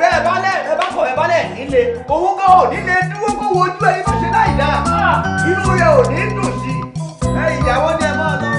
bẹ́ẹ̀ balẹ̀ ẹ bá kọ̀ ẹ balẹ̀ nílé òun kan ò nílé dúró kó wojú ẹ ní bá ṣe láì dá ah! inú rẹ ò ní dùn sí i ìyàwó ni ẹ máa lọ.